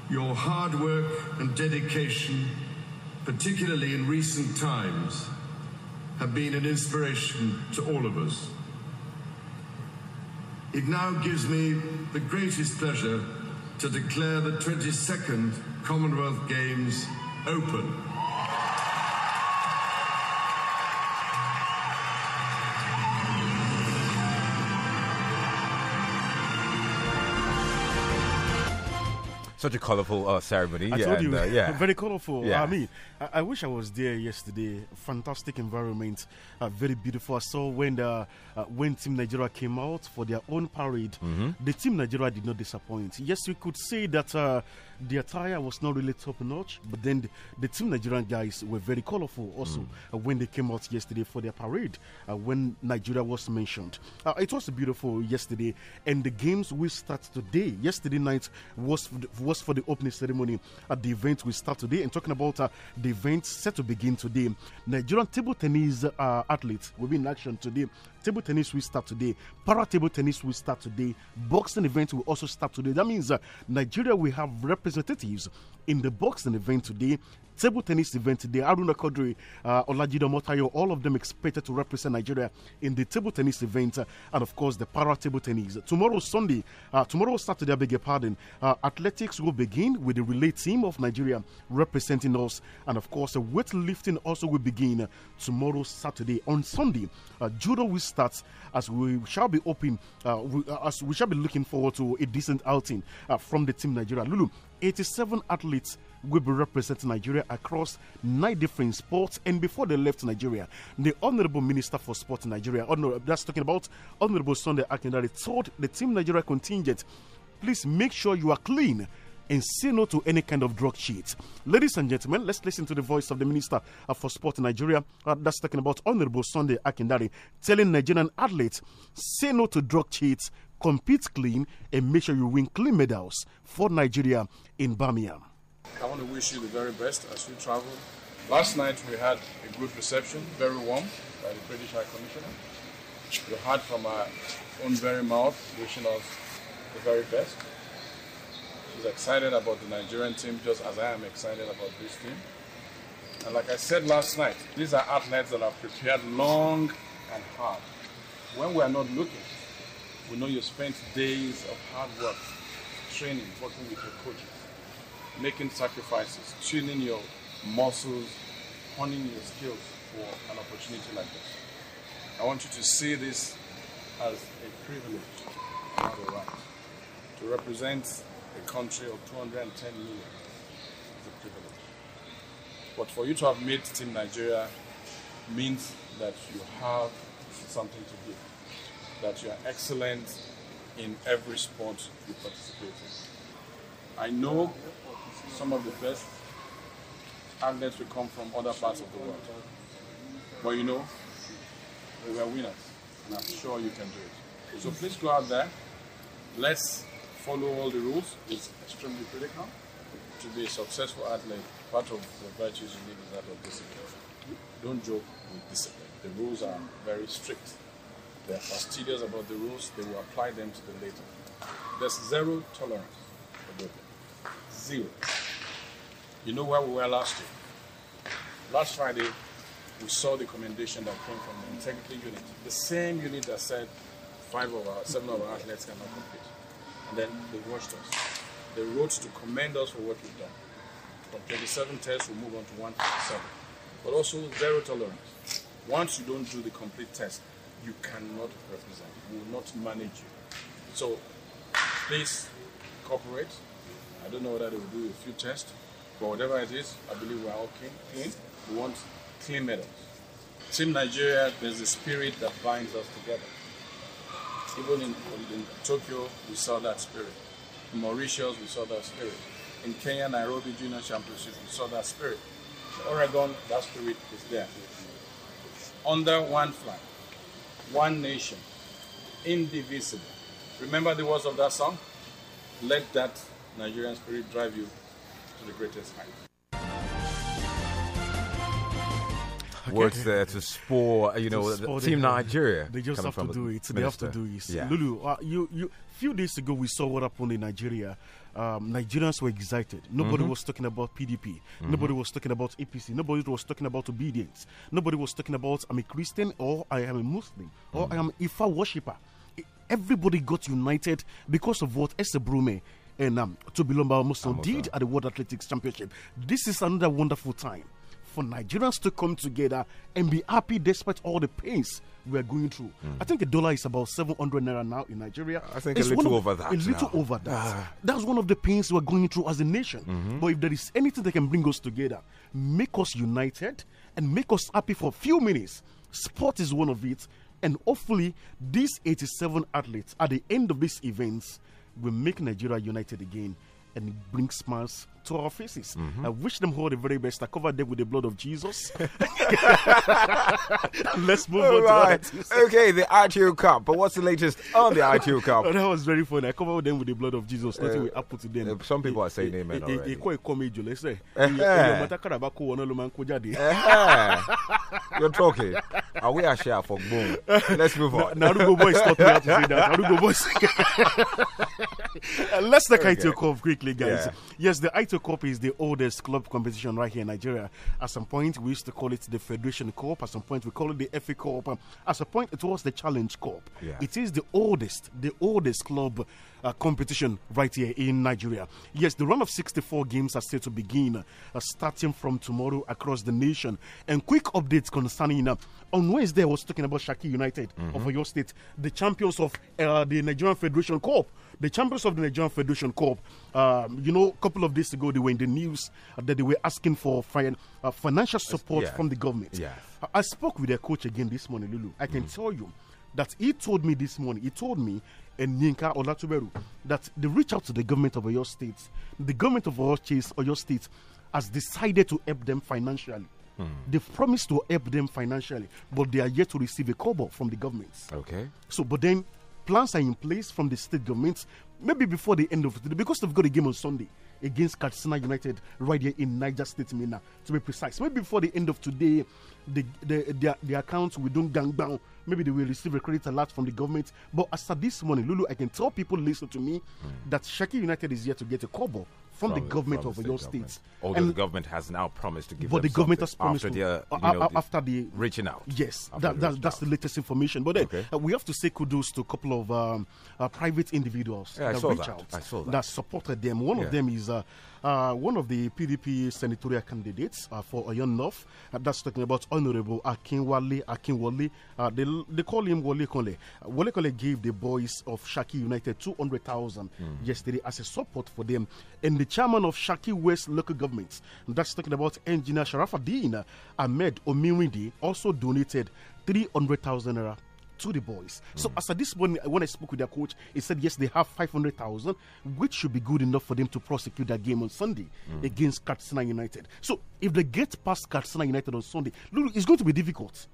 Your hard work and dedication, particularly in recent times, have been an inspiration to all of us. It now gives me the greatest pleasure to declare the 22nd Commonwealth Games open. such a colorful uh, ceremony. I yeah, told you, and, uh, yeah, very colorful. Yeah. I mean, I, I, wish I was there yesterday. Fantastic environment, uh, very beautiful. I saw when the uh, uh, when Team Nigeria came out for their own parade, mm -hmm. the Team Nigeria did not disappoint. Yes, we could say that uh, the attire was not really top notch, but then the, the two Nigerian guys were very colorful also mm. uh, when they came out yesterday for their parade uh, when Nigeria was mentioned. Uh, it was beautiful yesterday, and the games will start today. Yesterday night was for the, was for the opening ceremony at uh, the event we start today. And talking about uh, the event set to begin today, Nigerian table tennis uh, athletes will be in action today Table tennis will start today. Para table tennis will start today. Boxing event will also start today. That means uh, Nigeria will have representatives in the boxing event today table tennis event today. Aruna Kodri, uh, Motayo, all of them expected to represent Nigeria in the table tennis event uh, and, of course, the para table tennis. Tomorrow, Sunday, uh, tomorrow, Saturday, I beg your pardon, uh, athletics will begin with the relay team of Nigeria representing us. And, of course, uh, weightlifting also will begin tomorrow, Saturday. On Sunday, uh, judo will start as we shall be open, uh, we, uh, as we shall be looking forward to a decent outing from the team Nigeria. Lulu, 87 athletes will be representing Nigeria across nine different sports. And before they left Nigeria, the Honorable Minister for Sport in Nigeria, that's talking about Honorable Sunday Akindari, told the Team Nigeria contingent, please make sure you are clean and say no to any kind of drug cheat. Ladies and gentlemen, let's listen to the voice of the Minister uh, for Sport in Nigeria. Uh, that's talking about Honorable Sunday Akindari telling Nigerian athletes, say no to drug cheats, compete clean, and make sure you win clean medals for Nigeria in Birmingham. I want to wish you the very best as you travel. Last night we had a good reception, very warm, by the British High Commissioner. We heard from our own very mouth wishing us the very best. She's excited about the Nigerian team just as I am excited about this team. And like I said last night, these are athletes that are prepared long and hard. When we are not looking, we know you spent days of hard work, training, working with your coaches making sacrifices, tuning your muscles, honing your skills for an opportunity like this. I want you to see this as a privilege, not a right. To represent a country of 210 million is a privilege. But for you to have made Team Nigeria means that you have something to give, that you are excellent in every sport you participate in. I know some of the best athletes will come from other parts of the world. But you know, we are winners, and I'm sure you can do it. So please go out there. Let's follow all the rules. It's extremely critical to be a successful athlete. Part of the virtues you need is that of discipline. Don't joke with discipline. The rules are very strict. They're fastidious about the rules. They will apply them to the letter. There's zero tolerance for doping. Zero. You know where we were last year? Last Friday, we saw the commendation that came from the integrity unit, the same unit that said five of our, seven of our athletes cannot compete. And then they watched us. They wrote to commend us for what we've done. From 27 tests, we move on to 157. But also zero tolerance. Once you don't do the complete test, you cannot represent. We will not manage you. So please cooperate. I don't know whether they will do a few tests, but whatever it is, I believe we're all clean. clean. We want clean medals. Team Nigeria, there's a spirit that binds us together. Even in, in Tokyo, we saw that spirit. In Mauritius, we saw that spirit. In Kenya, Nairobi Junior Championship, we saw that spirit. In Oregon, that spirit is there. Under one flag, one nation, indivisible. Remember the words of that song? Let that Nigerian spirit drive you to the greatest height. Okay. there to spore, uh, you know, spore Team Nigeria. They just have to do it. Minister. They have to do it. Yeah. Lulu, uh, you, you, few days ago we saw what happened in Nigeria. Um, Nigerians were excited. Nobody mm -hmm. was talking about PDP. Mm -hmm. Nobody was talking about APC. Nobody was talking about obedience. Nobody was talking about I'm a Christian or I am a Muslim mm -hmm. or I am Ifa worshipper. Everybody got united because of what Esther Brume and um, Tubilomba Amoson did at the World Athletics Championship. This is another wonderful time for Nigerians to come together and be happy despite all the pains we are going through. Mm. I think the dollar is about 700 naira now in Nigeria. I think it's a little of, over that. A little now. over that. Ah. That's one of the pains we're going through as a nation. Mm -hmm. But if there is anything that can bring us together, make us united and make us happy for a few minutes, sport is one of it. And hopefully, these 87 athletes at the end of these events will make Nigeria united again and bring smiles to our faces. Mm -hmm. I wish them all the very best. I cover them with the blood of Jesus. Let's move all on right. Okay, the ITO Cup. But what's the latest on the ITO Cup? Oh, that was very funny. I cover them with the blood of Jesus. Nothing uh, put happen to them. Uh, some people are saying amen It They call it comedy. Let's say. Uh-huh. Uh-huh. You're talking. Are we a share for boom. Let's move on. Narugo boys taught me how to say that. Narugo boys. Let's take okay. Cup quickly, guys. Yeah. Yes, the ITO Plato Cup is the oldest club competition right here in Nigeria. At some point, we used to call it the Federation Cup. At some point, we call it the FA Cup. at some point, it was the Challenge Cup. Yeah. It is the oldest, the oldest club uh, competition right here in Nigeria. Yes, the run of 64 games are set to begin uh, starting from tomorrow across the nation. And quick updates concerning uh, on Wednesday, I was talking about Shaki United mm -hmm. of your State, the champions of uh, the Nigerian Federation Cup. The chambers of the Nigerian Federation Corp, um, you know, a couple of days ago, they were in the news that they were asking for fin uh, financial support yeah. from the government. Yeah. I, I, spoke with their coach again this morning, Lulu. I can mm tell you that he told me this morning, he told me, and Ninka Olatuberu, that they reached out to the government of Oyo State. The government of Oyo State has decided to help them financially. Mm. They've promised to help them financially, but they are yet to receive a cobble from the government. Okay. So, but then plans are in place from the state government, maybe before the end of the day, because they've got a game on Sunday against Katsina United right here in Niger State, Mina, to be precise. Maybe before the end of today, the, the, the, the accounts will don't gang down. Maybe they will receive a credit alert from the government. But as of this morning, Lulu, I can tell people listen to me mm. that Shaki United is here to get a cobble from, the government from of your state. Government. Although and the government has now promised to give but the government has promised after, to, the, uh, you know, uh, uh, after the reaching out. Yes, that, that, that's out. the latest information. But then okay. uh, we have to say kudos to a couple of um, uh, private individuals yeah, that reached out I saw that. that supported them. One yeah. of them is uh, uh, one of the PDP senatorial candidates uh, for Oyon North. Uh, that's talking about Honorable Akinwale Akinwale. Uh, they, they call him Wale Kole. Uh, Wale Kole gave the boys of Shaki United 200,000 mm. yesterday as a support for them. And the chairman of Shaki West local government, that's talking about engineer Sharafa Ahmed Omiwindi, also donated 300,000 naira to the boys. Mm. So as at this morning, when I spoke with their coach, he said yes, they have five hundred thousand, which should be good enough for them to prosecute that game on Sunday mm. against Katsina United. So if they get past Katsina United on Sunday, Lulu, it's going to be difficult.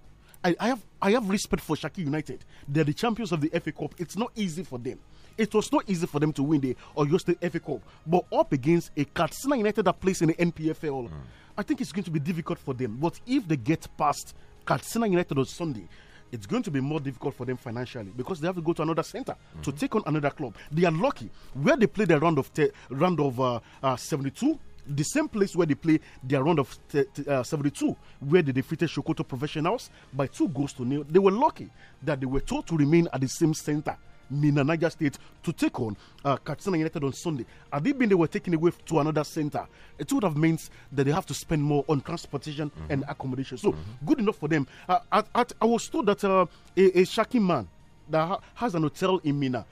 I, I have I have respect for Shaki United. They're the champions of the FA Cup. It's not easy for them it was not easy for them to win the just the FA Cup. But up against a Katsina United that plays in the NPFL, mm. I think it's going to be difficult for them. But if they get past Katsina United on Sunday, it's going to be more difficult for them financially because they have to go to another center mm -hmm. to take on another club. They are lucky where they play their round of round of uh, uh, 72 the same place where they play their round of uh, 72, where they defeated Shokoto Professionals by two goals to nil. They were lucky that they were told to remain at the same center Mina Niger State to take on uh, Katsina United on Sunday. Had they been they were taken away to another centre, it would have meant that they have to spend more on transportation mm -hmm. and accommodation. So mm -hmm. good enough for them. Uh, at, at, I was told that uh, a, a Shaki man that ha has an hotel in Mina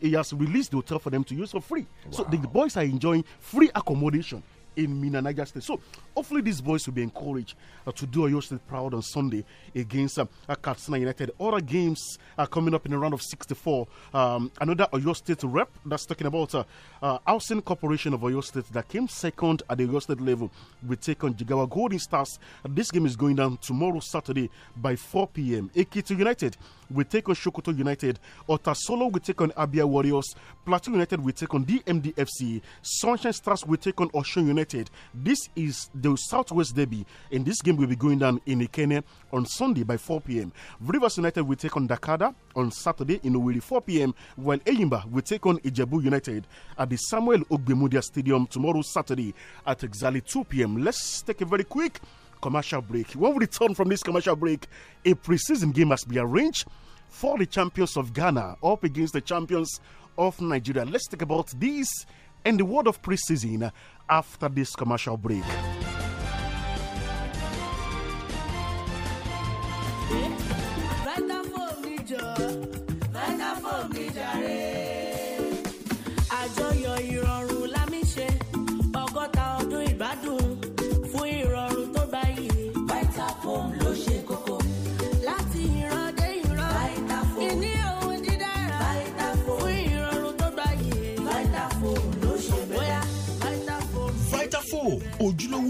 he has released the hotel for them to use for free. Wow. So the boys are enjoying free accommodation in Mina Niger State. So hopefully these boys will be encouraged uh, to do Oyo State proud on Sunday against um, uh, Katsina United. Other games are coming up in the round of 64. Um, another Oyo State rep that's talking about uh, uh, Corporation of Oyo State that came second at the Oyo State level We take on Jigawa Golden Stars. This game is going down tomorrow Saturday by 4 p.m. Ekiti United we take on Shokoto United. Otasolo will take on Abia Warriors. Plateau United will take on DMDFC. Sunshine Stars will take on Oshun United. This is the Southwest Derby, and this game will be going down in Ikene on Sunday by 4 p.m. Rivers United will take on Dakada on Saturday in Owerri 4 p.m., while Eyimba will take on Ijebu United at the Samuel Ogbemudia Stadium tomorrow, Saturday, at exactly 2 p.m. Let's take a very quick commercial break. When we return from this commercial break, a preseason game must be arranged for the champions of Ghana up against the champions of Nigeria. Let's talk about these and the word of preseason after this commercial break.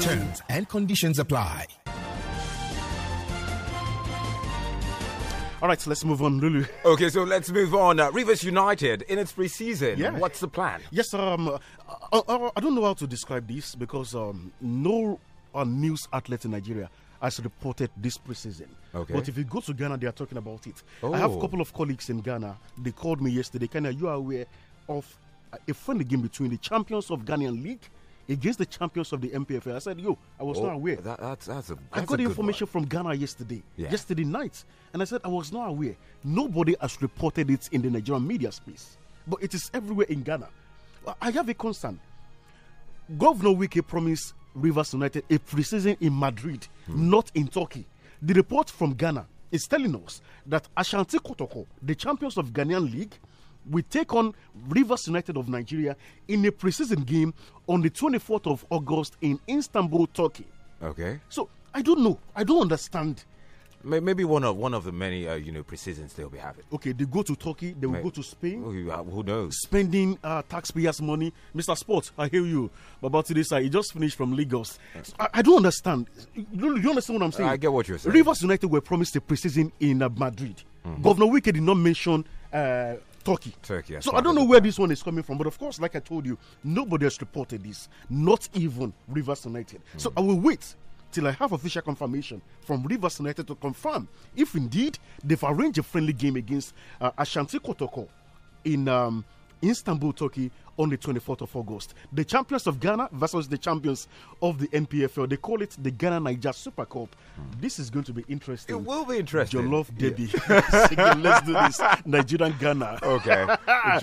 Terms and conditions apply. All right, so let's move on, Lulu. Okay, so let's move on. Uh, Rivers United in its preseason. Yeah. What's the plan? Yes, um, I, uh, uh, uh, I don't know how to describe this because um, no uh, news outlet in Nigeria has reported this preseason. Okay. But if you go to Ghana, they are talking about it. Oh. I have a oh. couple of colleagues in Ghana. They called me yesterday. Can you are aware of a friendly game between the champions of Ghanaian League against the champions of the MPFL. I said, yo, I was oh, not aware. That, that's, that's a, that's I got information from Ghana yesterday, yeah. yesterday night. And I said, I was not aware. Nobody has reported it in the Nigerian media space. But it is everywhere in Ghana. I have a concern. Governor Wiki promised Rivers United a preseason in Madrid, hmm. not in Turkey. The report from Ghana is telling us that Ashanti Kotoko, the champions of Ghanaian League, we take on Rivers United of Nigeria in a preseason game on the 24th of August in Istanbul, Turkey. Okay. So I don't know. I don't understand. Maybe one of one of the many uh, you know precisions they'll be having. Okay, they go to Turkey, they will May go to Spain. Who, uh, who knows? Spending uh, taxpayers' money, Mr. Sport. I hear you. But about today, sir, just finished from Lagos. Yes. I, I, don't understand. You, you understand what I'm saying? I get what you're saying. Rivers United were promised a precision in uh, Madrid. Mm -hmm. Governor Wike did not mention uh, Turkey. Turkey. so I don't know where this one is coming from, but of course, like I told you, nobody has reported this, not even Rivers United. Mm. So I will wait till I have official confirmation from Rivers United to confirm if indeed they've arranged a friendly game against uh, Ashanti Kotoko in um, Istanbul, Turkey, on the 24th of August. The champions of Ghana versus the champions of the NPFL. They call it the Ghana Niger Super Cup. Mm. This is going to be interesting. It will be interesting. Jollof love Yeah. Let's do this. Nigerian Ghana. Okay.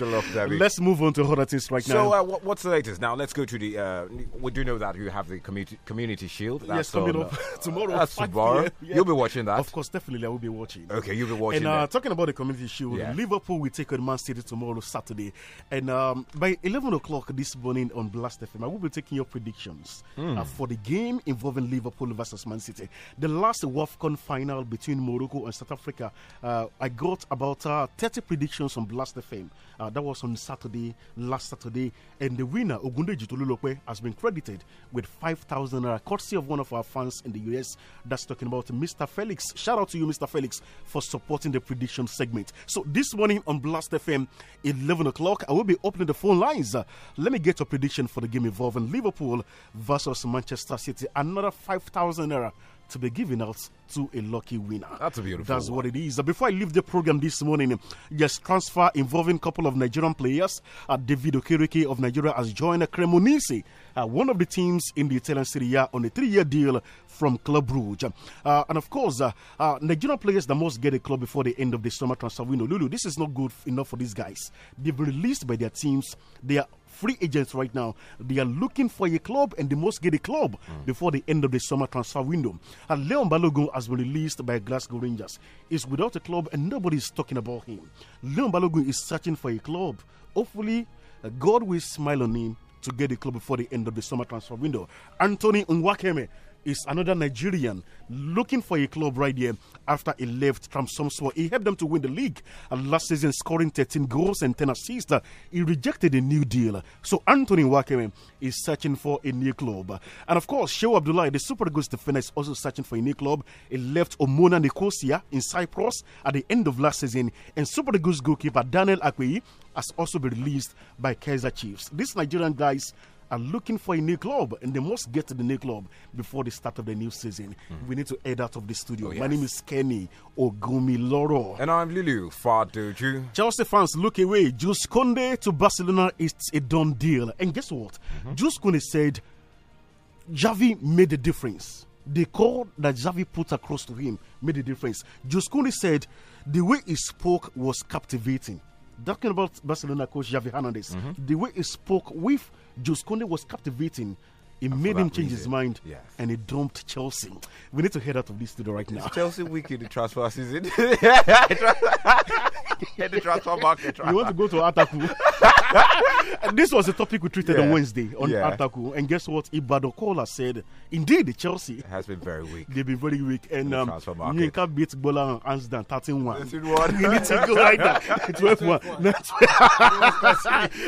love Debbie. Let's move on to other things right so, now. So, uh, what's the latest? Now, let's go to the. Uh, we do know that you have the community, community shield. That's yes, coming on, up uh, tomorrow. That's tomorrow. Yeah, You'll be watching that. Of course, definitely, I will be watching. Okay, you'll be watching. And uh, talking about the community shield, Liverpool will take on Man City tomorrow, Saturday, and um, by 11 o'clock this morning on Blast FM, I will be taking your predictions mm. uh, for the game involving Liverpool versus Man City. The last WAFCON final between Morocco and South Africa, uh, I got about uh, 30 predictions on Blast FM. Uh, that was on Saturday, last Saturday. And the winner, Ogundeji Tolulope, has been credited with 5,000 naira, courtesy of one of our fans in the US. That's talking about Mr. Felix. Shout out to you, Mr. Felix, for supporting the prediction segment. So this morning on Blast FM, 11 o'clock, I will be opening the phone line lines. Uh, let me get your prediction for the game involving Liverpool versus Manchester City. Another 5,000 error to be given out to a lucky winner. That's a beautiful. That's one. what it is. Before I leave the program this morning, yes, transfer involving couple of Nigerian players. Uh, David Okereke of Nigeria has joined Cremonese, uh, one of the teams in the Italian Serie A, on a three-year deal from Club Rouge. Uh, and of course, uh, uh, Nigerian players that must get a club before the end of the summer transfer window. Lulu, this is not good enough for these guys. They've been released by their teams. They are free agents right now. They are looking for a club and they must get a club mm. before the end of the summer transfer window. And Leon Balogun has been released by Glasgow Rangers. He's without a club and nobody is talking about him. Leon Balogun is searching for a club. Hopefully, uh, God will smile on him to get a club before the end of the summer transfer window. Anthony Nwakeme is another Nigerian looking for a club right here after he left Tramsomspor. He helped them to win the league last season, scoring 13 goals and 10 assists. Uh, he rejected a new deal. So Anthony Wakeme is searching for a new club. And of course, Sheo Abdullah, the Super Eagles defender, is also searching for a new club. He left Omona Nicosia in Cyprus at the end of last season. And Super Eagles goalkeeper Daniel Akweyi has also been released by Kaiser Chiefs. These Nigerian guys are looking for a new club and they must get to the new club before the start of the new season. Mm. We need to head out of the studio. Oh, yes. My name is Kenny Ogumi Loro And I'm Lulu Fadoju. Chelsea fans, look away. Jules Kunde to Barcelona is a done deal. And guess what? Mm -hmm. Kunde said Javi made a difference. The call that Javi put across to him made a difference. Jules Kunde said the way he spoke was captivating. Talking about Barcelona coach Javi Hernandez, mm -hmm. the way he spoke with Josconde was captivating it made him change his mind yes. and he dumped Chelsea. We need to head out of this studio right it's now. Chelsea week in the transfer season. in the transfer market. Transfer. You want to go to Ataku? this was a topic we treated yeah. on Wednesday on yeah. Ataku. And guess what? Ibadokola said, indeed, Chelsea it has been very weak. They've been very weak. And um, Nyeka beat Bola and Amsterdam 13 1. we need to go right now. 12 1.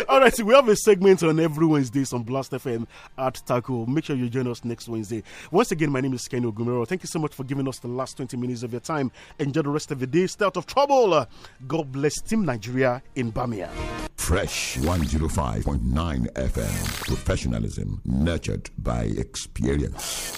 All right, so we have a segment on every Wednesday on Blast FM at Taku. Make sure you join us next Wednesday. Once again, my name is Kenny Ogumero. Thank you so much for giving us the last 20 minutes of your time. Enjoy the rest of the day. Stay out of trouble. God bless Team Nigeria in Bamia. Fresh 105.9 FM. Professionalism nurtured by experience.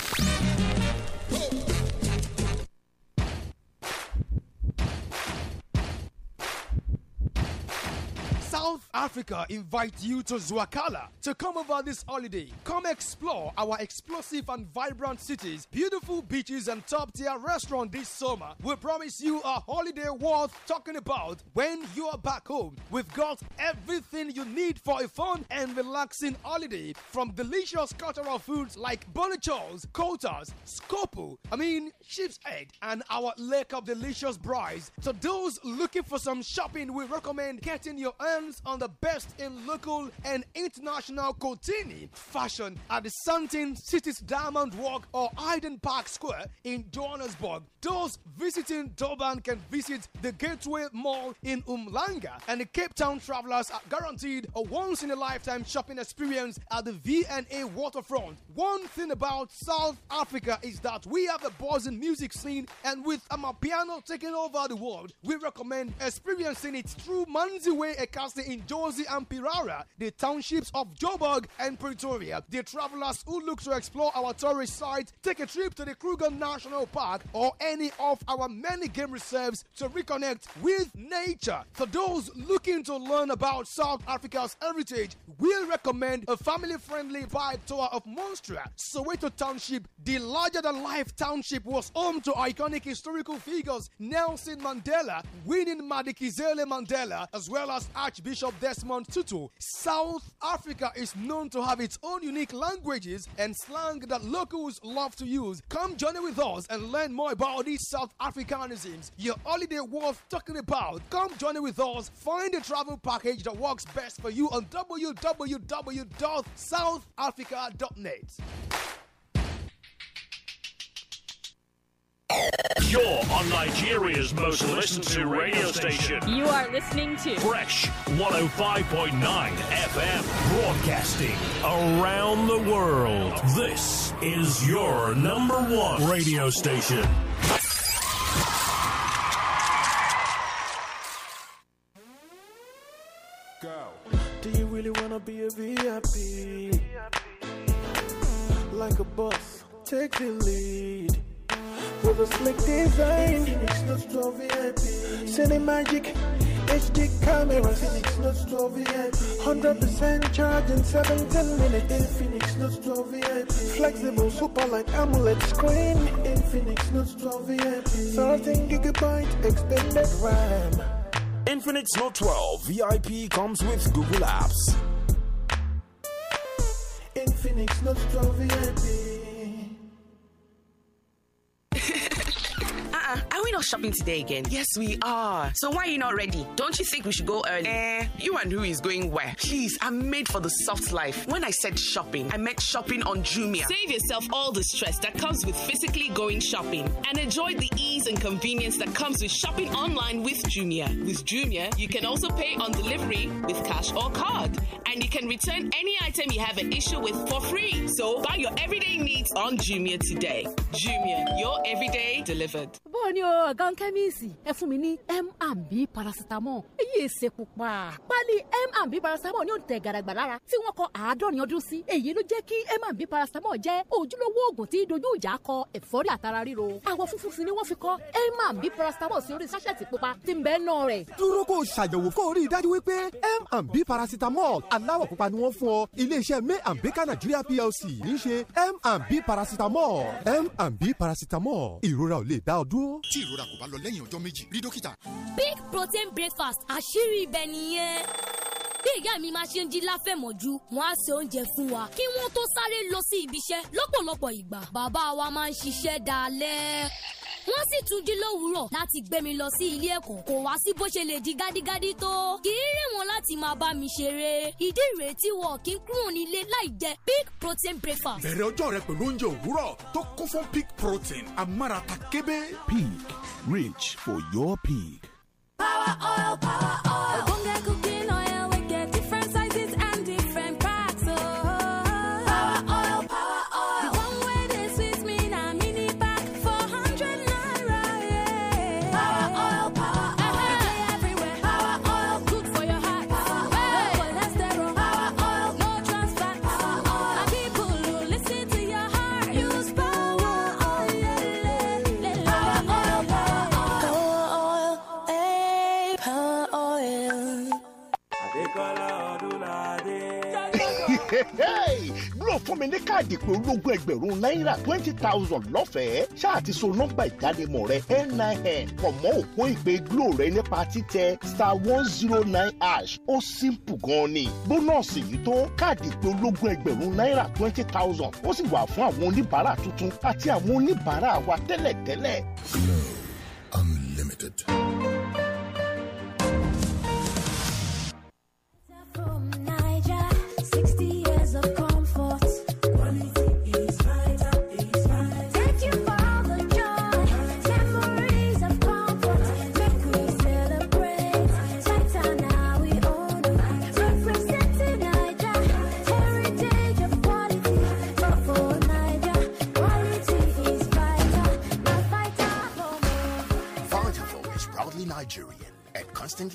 Africa invite you to Zwakala to come over this holiday. Come explore our explosive and vibrant cities, beautiful beaches, and top tier restaurant this summer. We promise you a holiday worth talking about when you are back home. We've got everything you need for a fun and relaxing holiday from delicious cultural foods like bolichos, kotas, skopu. I mean, sheep's egg, and our lake of delicious brides. To those looking for some shopping, we recommend getting your hands on the best in local and international couture fashion at the Santin City's Diamond Walk or Hyden Park Square in Johannesburg. Those visiting Durban can visit the Gateway Mall in Umlanga, and the Cape Town travelers are guaranteed a once in a lifetime shopping experience at the V&A waterfront. One thing about South Africa is that we have a buzzing music scene, and with Amapiano taking over the world, we recommend experiencing it through Manziwe Ekasi in Dorsey and Pirara, the townships of Joburg and Pretoria. The travelers who look to explore our tourist site, take a trip to the Kruger National Park or any of our many game reserves to reconnect with nature. For those looking to learn about South Africa's heritage, we recommend a family-friendly vibe tour of Monstra, Soweto Township, the larger-than-life township was home to iconic historical figures Nelson Mandela, winning Madikizele Mandela, as well as Archbishop Desmond Tutu, South Africa is known to have its own unique languages and slang that locals love to use. Come in with us and learn more about these South Africanisms. Your holiday worth talking about. Come in with us. Find a travel package that works best for you on www.southafrica.net. You're on Nigeria's most listened to radio station. You are listening to Fresh 105.9 FM, broadcasting around the world. This is your number one radio station. Go. Do you really want to be a VIP? Like a bus, take the lead with a slick design. Phoenix Note 12 VIP. Cinemagic. HD cameras, Phoenix Note 12 VIP. 100% charge in 17 minutes. Infinix Phoenix Note 12 VIP. Flexible superlight AMOLED screen. In Phoenix Note 12 VIP. 13 gigabyte extended RAM. Infinix Note 12 VIP comes with Google Apps. Infinix Note 12 VIP. we not shopping today again? Yes, we are. So why are you not ready? Don't you think we should go early? Eh, you and who is going where? Please, I'm made for the soft life. When I said shopping, I meant shopping on Jumia. Save yourself all the stress that comes with physically going shopping and enjoy the ease and convenience that comes with shopping online with Jumia. With Jumia, you can also pay on delivery with cash or card. And you can return any item you have an issue with for free. So buy your everyday needs on Jumia today. Jumia, your everyday delivered. Bonio. ọ̀gá kẹ́míìsì ẹ fún mi ní m&b paracetamol èyí èsè pupa pálí m&b paracetamol ní òǹtẹ̀ gàràgbà lára tí wọ́n kọ àádọ́rin ọdún sí èyí ló jẹ́ kí m&b paracetamol jẹ́ ojúlówó oògùn tí dojú ìjà kọ ẹ̀fọ́rí àtara ríro àwọ̀ funfun sì ni wọ́n fi kọ m&b paracetamol sí orí sáṣẹ̀tì pupa tí ń bẹ́ẹ̀ náà rẹ̀. dúró kó o ṣàyẹ̀wò kó o rí i dájú wípé m&b paracetamol aláwọ̀ pupa ni wọ́n fún ọ iléeṣẹ́ may and baker nigeria plc ní í ṣe m&b paracetamol m&b paracetamol ìrora ò lè dá ọ dúró ìrora kò bá lọ lẹ́yìn ọjọ́ méjì rí dókítà. big protein breakfast àṣírí ibẹ̀ nìyẹn bí ìyá mi máa ṣe ń jí láfẹ̀mọ́jú wọ́n á se oúnjẹ fún wa kí wọ́n tó sáré lọ sí ibiṣẹ́ lọ́pọ̀lọpọ̀ ìgbà bàbá wa máa ń ṣiṣẹ́ dalẹ́ wọ́n sì tún jí lówùúrọ̀ láti gbé mi lọ sí ilé ẹ̀kọ́ kò wá sí bó ṣe lè di gádígádí tó kì í rìn wọn láti máa bá mi ṣeré ìdí ìrètí wọn kì í kúrò nílé láì jẹ big protein breakfast. bẹ̀rẹ̀ ọjọ́ rẹ pẹ̀lú oúnjẹ òwúrọ̀ tó kún fún big protein amárata kébé. pig rich for your pig. power oil power oil. mi ní káàdì pé ológun ẹgbẹ̀rún náírà twenty thousand lọ́fẹ̀ẹ́ ṣáà ti so nọ́mbà ìdánimọ̀ rẹ nin pọ̀ mọ́ òpó ìpè glo rẹ nípa títẹ star one zero nine hash ó simple gan ni bónọ́ọ̀sì yìí tó káàdì pé ológun ẹgbẹ̀rún náírà twenty thousand ó sì wà fún àwọn oníbàárà tuntun àti àwọn oníbàárà wa tẹ́lẹ̀tẹ́lẹ̀. Glo Unlimited.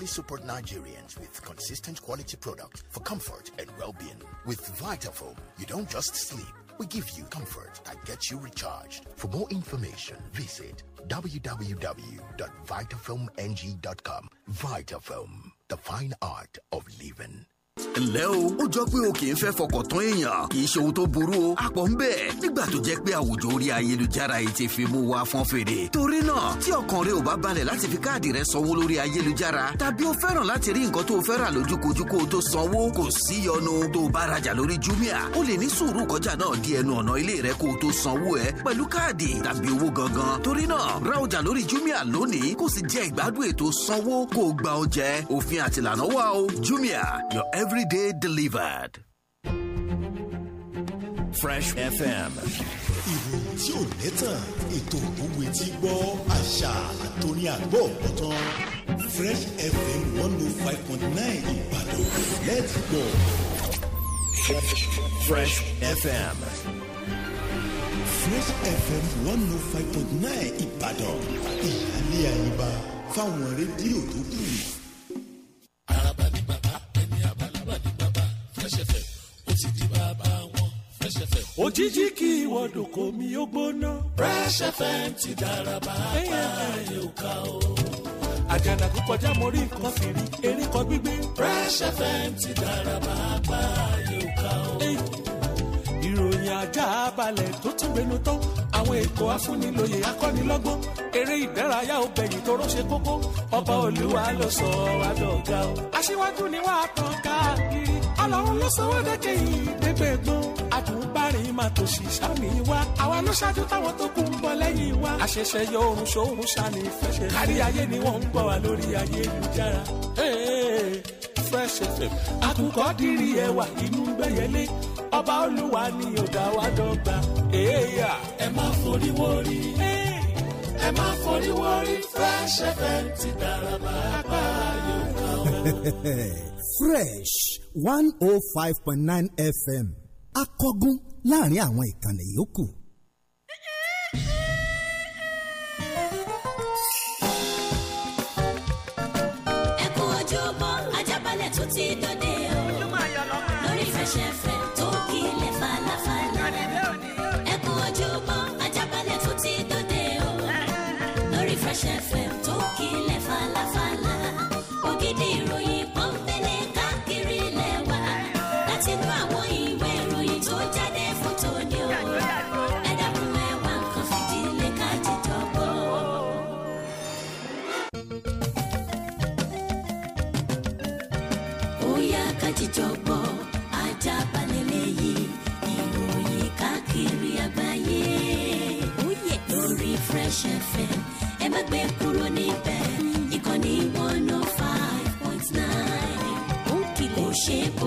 proudly support Nigerians with consistent quality product for comfort and well-being. With Vitafoam, you don't just sleep. We give you comfort that gets you recharged. For more information, visit www.vitafilmng.com. Vitafoam, the fine art of living. ǹlẹ́ o ó jọ pé o kì í fẹ́ fọkàn tán èèyàn kì í ṣe ohun tó burú o àpọ̀ ń bẹ̀ nígbà tó jẹ́ pé àwùjọ orí ayélujára yìí ti fi mú wa fọ́n fèrè torí náà tí ọkàn rẹ ò bá balẹ̀ láti fi káàdì rẹ sanwó lórí ayélujára tàbí o fẹ́ràn láti rí nǹkan tó o fẹ́ lójúkojú kó o tó sanwó kò sí yọnu tó o bá rajà lórí Jumia o lè ní sùúrù kọjá náà di ẹnu ọ̀nà ilé rẹ kó o tó sanwó ẹ pẹ̀lú káàdì tàbí Jumia lónìí kó sì jẹ́ ìgbádùn ètò sanwó kó o gba ọjẹ́ òfin o Jumia your every day delivered. Fresh FM. Fresh FM 105.9. let's go. Fresh FM. Fresh FM 105.9. oh ìyáálé àyíbá fáwọn rédíò tó kù. òjijì kí ìwọ́dọ̀ kò mí ó gbóná. Fresh FM ti dára bàbá yóò ká o. àjànà kú kọjá mo rí nǹkan fìrí erin kan gbígbé. Fresh FM ti dára bàbá yóò ká o. ìròyìn ajá balẹ̀ tó tún gbénu tán àwọn ètò afúnilòyè akọ́nilọ́gbọ́n eré ìdárayá obìnrin tó rọ́ṣẹ́ kókó ọba olúwa ló sọ ọ́ adọ̀gá o. aṣíwájú ni wàá tàn káàkiri ọlọ́run ló sanwó dẹ́kẹ́ yìí débẹ̀ gbó àtúbárìn máa tò sí sáni wá àwa ló ṣáájú táwọn tó kù ń bọ̀ lẹ́yìn wá àṣẹṣẹ yọ oorun ṣoorun ṣàní ìfẹsẹ̀ kárí ayé ni wọ́n ń gbọ́ wa lórí ayélujára. Fresh FM àkùkọ dírí ẹwà inú gbẹ̀yẹlé ọba olúwa ni ó dá wa dọ́gba. ẹ má forí wọrí ẹ má forí wọrí Fresh FM ti dára pàápàá yóò kàn wá. fresh one oh five point nine fm akọ́gun láàrin àwọn ìkànnì yòókù.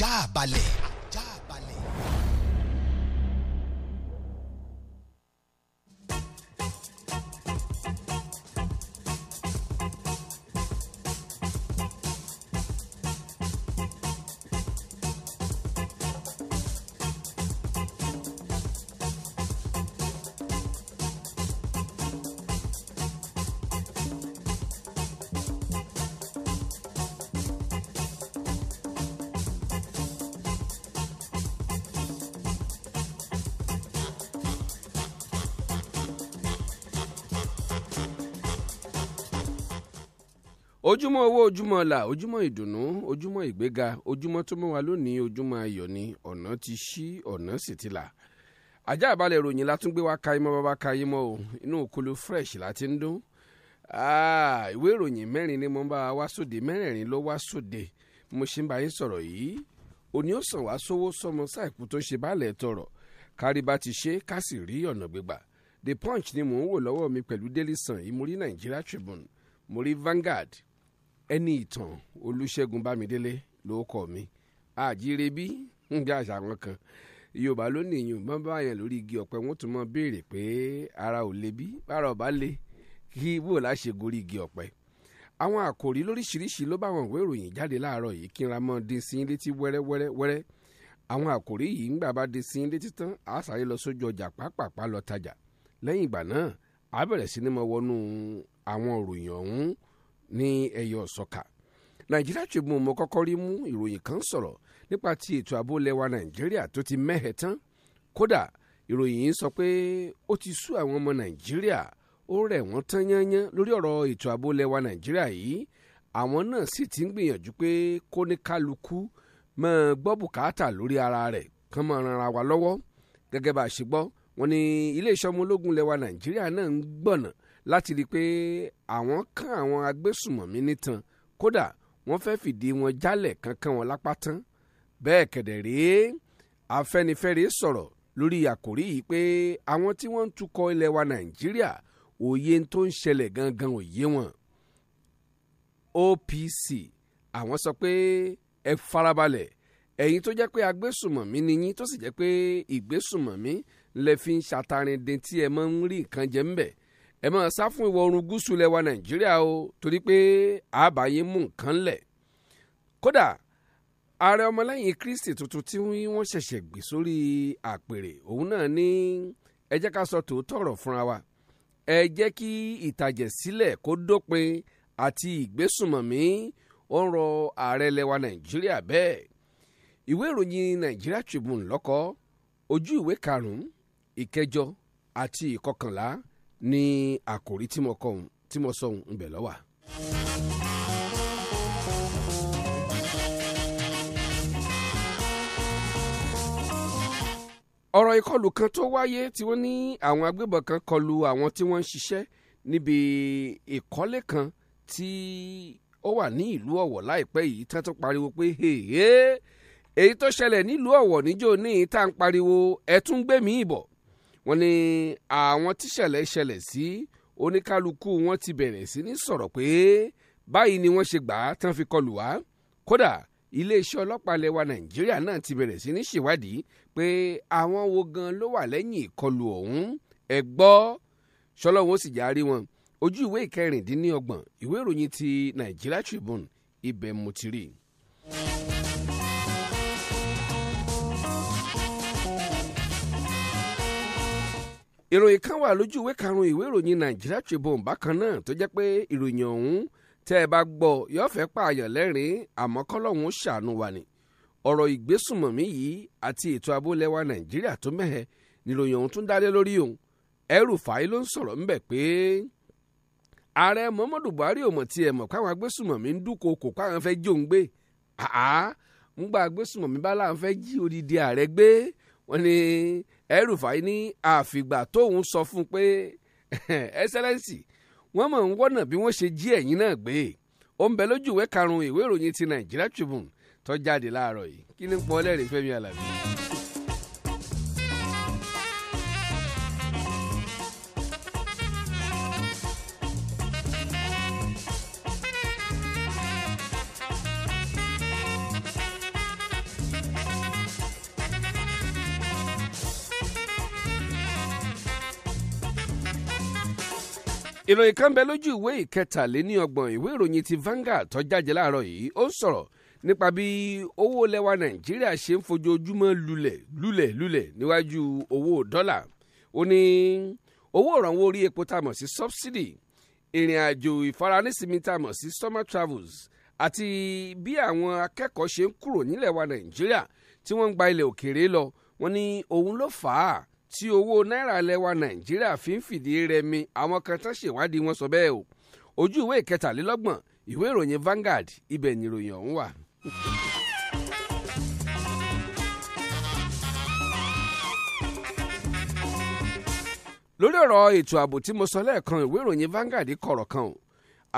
ajá balẹ̀. ojúmọ́ owó ojúmọ́ ọlà ojúmọ́ ìdùnnú ojúmọ́ ìgbéga ojúmọ́ tó mọ́ wa lónìí ojúmọ́ ayọ̀ ni ọ̀nà ti ṣí ọ̀nà sì ti là ajá àbálẹ̀ ìròyìn la tún gbé wá ka imọ́ bàbá ka imọ́ o inú òkolo fresh la ti ń dún ah, ìwé ìròyìn mẹ́rin ni mo ń bá wa sóde mẹ́rẹ̀ẹ̀rin ló wá sóde mo ṣe ń bá yín sọ̀rọ̀ yìí òní ó sàn wá sówó sọmọ sáìkú tó ṣe báàlẹ̀ tọrọ káríba ti ṣe ká sì rí ọ̀nà gbégbà the punch ni mò ń wò lọ́wọ́ mi pẹ̀lú daily sun ìmúrí Nigeria Tribune mo rí Vanguard ẹni ìtàn olùṣègùn bámidélé ló kọ mi àjírẹ́bí ń gbé àṣà wọn kan yorùbá ló ní ìyún bá bá yẹn lórí igi ọ̀pẹ wọ́n tún mọ béèrè pé ara ò le bí ara ò bá le kí bó la ṣe gorí igi ọ̀pẹ àwọn àkòrí lóríṣiríṣi ló bá wọn ìwé ìròyín jáde láàárọ̀ yìí kí n ra mọ́ dín sí létí wẹ́rẹ́wẹ́rẹ́ wẹ́rẹ́ àwọn àkòrí yìí ńgbà bá dín sí létí tán á lọ sójú ọjà pàápàá lọ tajà lẹ́yìn ìgbà náà á sí ni mo wọnú àwọn ìròyìn ọ̀hún ní ẹyọ sọ̀ka nàìjíríà tribune mo kọ́kọ́ rí mú ìròyìn kan sọ̀rọ̀ nípa ti ètò ààbò lẹwa nàìjíríà tó ti mẹ́hẹ̀ tán kódà ìròyìn yìí sọ pé ó ti sú àwọn ọmọ nàìjíríà ó rẹ̀ wọ́n tán yányán lórí ọ̀rọ̀ ètò ààbò lẹwa nàìjíríà yìí àwọn náà sì ti ń gbìyànjú pé kó ní kálukú máa gbọ́ bùkátà lórí ara rẹ̀ kán máa ran ara wa lọ́wọ́ gẹ́gẹ́ bá a ṣe gbọ́ wọn ni iléeṣẹ́ ọmọ ológun lẹwa nàìjíríà náà ń gbọ̀nà láti rí i pé àwọn kan àwọn agbésùmọ̀mí nìtan kódà wọ́n fẹ́ fìdí wọn jálẹ̀ kankan wọn lápá tán bẹ́ẹ̀ kẹ̀dẹ̀ rèé afẹ́nifẹ́re sọ̀rọ̀ lórí àkòrí yìí pé àwọn tí wọ́n ń tukọ̀ ilẹ̀ wa nàìjíríà òye tó ń ṣẹlẹ̀ gangan òye wọn OPC àwọn sọ pé ẹ farabalẹ̀ ẹ̀yin tó jẹ́ pé agbésùmọ̀mí ni yín tó sì jẹ́ pé ìgbésùmọ̀mí lẹ ṣàtàrin dentí ẹ máa ń rí nǹkan jẹ ńbẹ̀ ẹ máa sá fún ìwọ̀ oòrùn gúúsù lẹwa nàìjíríà o torí pé àbáyé mú nǹkan lẹ̀ kódà ààrẹ ọmọlẹ́yìn kristi tuntun tí wọ́n ṣẹ̀ṣẹ̀ gbé sórí àpèrè òun náà ní ẹ jẹ́ ká sọ tòótọ́ ọ̀rọ̀ fúnra wa ẹ jẹ́ kí ìtàjẹ̀sílẹ̀ kó dópin àti ìgbésùnmọ̀mí ó ń rọ ààrẹ lẹwa nàìjíríà bẹ́ẹ̀ ìwé ìròyìn Nigeria Tribune lọ́kọ́ ojú ìwé karùn-ún ìkẹjọ àti ìkọkànlá ní àkòrí tí mo kọ ohun tí mo sọ ohun ń bẹ̀ lọ́wà. ọ̀rọ̀ ìkọlù kan tó wáyé tí wọ́n ní àwọn agbébọn kan kọlu àwọn tí wọ́n ń ṣiṣẹ́ níbi ìkọ́lé kan tí ó wà ní ìlú ọ̀wọ̀ láìpẹ́ yìí tán tó pariwo pé èyí tó ṣẹlẹ̀ nílùú ọ̀wọ̀ níjó ní ìta ń pariwo ẹ̀ tún gbẹ̀mí ìbọ̀ wọ́n ní àwọn tíṣẹ̀lẹ̀ ṣẹlẹ̀ sí oníkálukú wọn ti bẹ̀rẹ̀ sí ní sọ̀rọ̀ pé báyìí ni wọ́n ṣe gbà á tán fi kọlù wá kódà iléeṣẹ́ ọlọ́pàá lẹwa nàìjíríà náà ti bẹ̀rẹ̀ sí ní ṣèwádìí pé àwọn wo gan ló wà lẹ́yìn ìkọlù ọ̀hún ẹ gbọ́ ṣọlọ́wọ́n ó sì já rí wọn ojú ìwé ìkẹrìndínlọ́gbọ̀n ìwé ìròyìn ti Nigeria Tribune ibẹ̀ mo ti rí i. ìròyìn kan wà lójú ìwé karùn-ún ìwé ìròyìn Nigeria Tribune bákan náà tó jẹ́ pé ìròyìn ọ̀hún tẹ́ ẹ bá gbọ́ yóò fẹ́ pààyàn lẹ́rìn-ín àmọ́ kọ́lọ́hún ó ṣàánú wa ni ọ̀rọ̀ ìgbésùnmọ̀mí yìí àti ètò abólẹ́wà Nàìjíríà tó mẹ́hẹ̀ níròyìn ọ̀hún tún dálé lórí òun El-Rufai ló ń sọ̀rọ̀ ńbẹ̀ pé ààrẹ Muhammadu Buhari ò mọ̀ tí ẹ mọ̀ káwọn agbésùnmọ̀mí ń dúnkokò káwọn fẹ́ jí òun gbé àá ń gba agbésùnmọ̀mí bá láwọn fẹ́ jí odidi ààrẹ gbé wọ́n ní El-Rufai ní àfìgbà tóun sọ fún un pé Excellency wọ́n mọ̀ ń wọ́nà bí wọ́n ṣe jí ẹ̀yìn náà gbé ó ń bẹ lójú ìwé karùn-ún ìwé ìròyìn ti Nigeria Tribune tó jáde láàárọ̀ yìí kí ni pọ́n Fẹ́mi Alábí. ìròyìn kan bẹ lójú ìwé ìkẹtàléníọgbọ̀n ìwé ìròyìn ti Vanguard tó jáde láàárọ̀ yìí ó sọ̀rọ̀ nípa bí owó lẹwa Nàìjíríà ṣe ń fojoojúmọ́ lulẹ̀ lulẹ̀ lulẹ̀ níwájú owó dọ́là ó ní owó ìrànwọ́ orí epo tá a mọ̀ sí subsidy ìrìn àjò ìfaranísinmi tá a mọ̀ sí summer travels àti bí àwọn akẹ́kọ̀ọ́ ṣe ń kúrò nílẹ̀ wa Nàìjíríà tí wọ́n ń gba ilẹ̀ òkèèrè lọ wọ́n ní òun ló fà á tí owó náírà lẹwa nàìjíríà fi ń fìdí rẹmi àwọn kan tán ṣèwádìí wọn sọ bẹ́ẹ̀ o ojú ìwé ìkẹtàlélọ́gbọ̀n ìwé ìròyìn Vanguard ibẹ̀ ni ìròyìn ọ̀hún wà. lórí ọ̀rọ̀ ètò ààbò tí mo sọ lẹ́ẹ̀kan ìwé ìròyìn Vanguard kọ̀rọ̀ kan o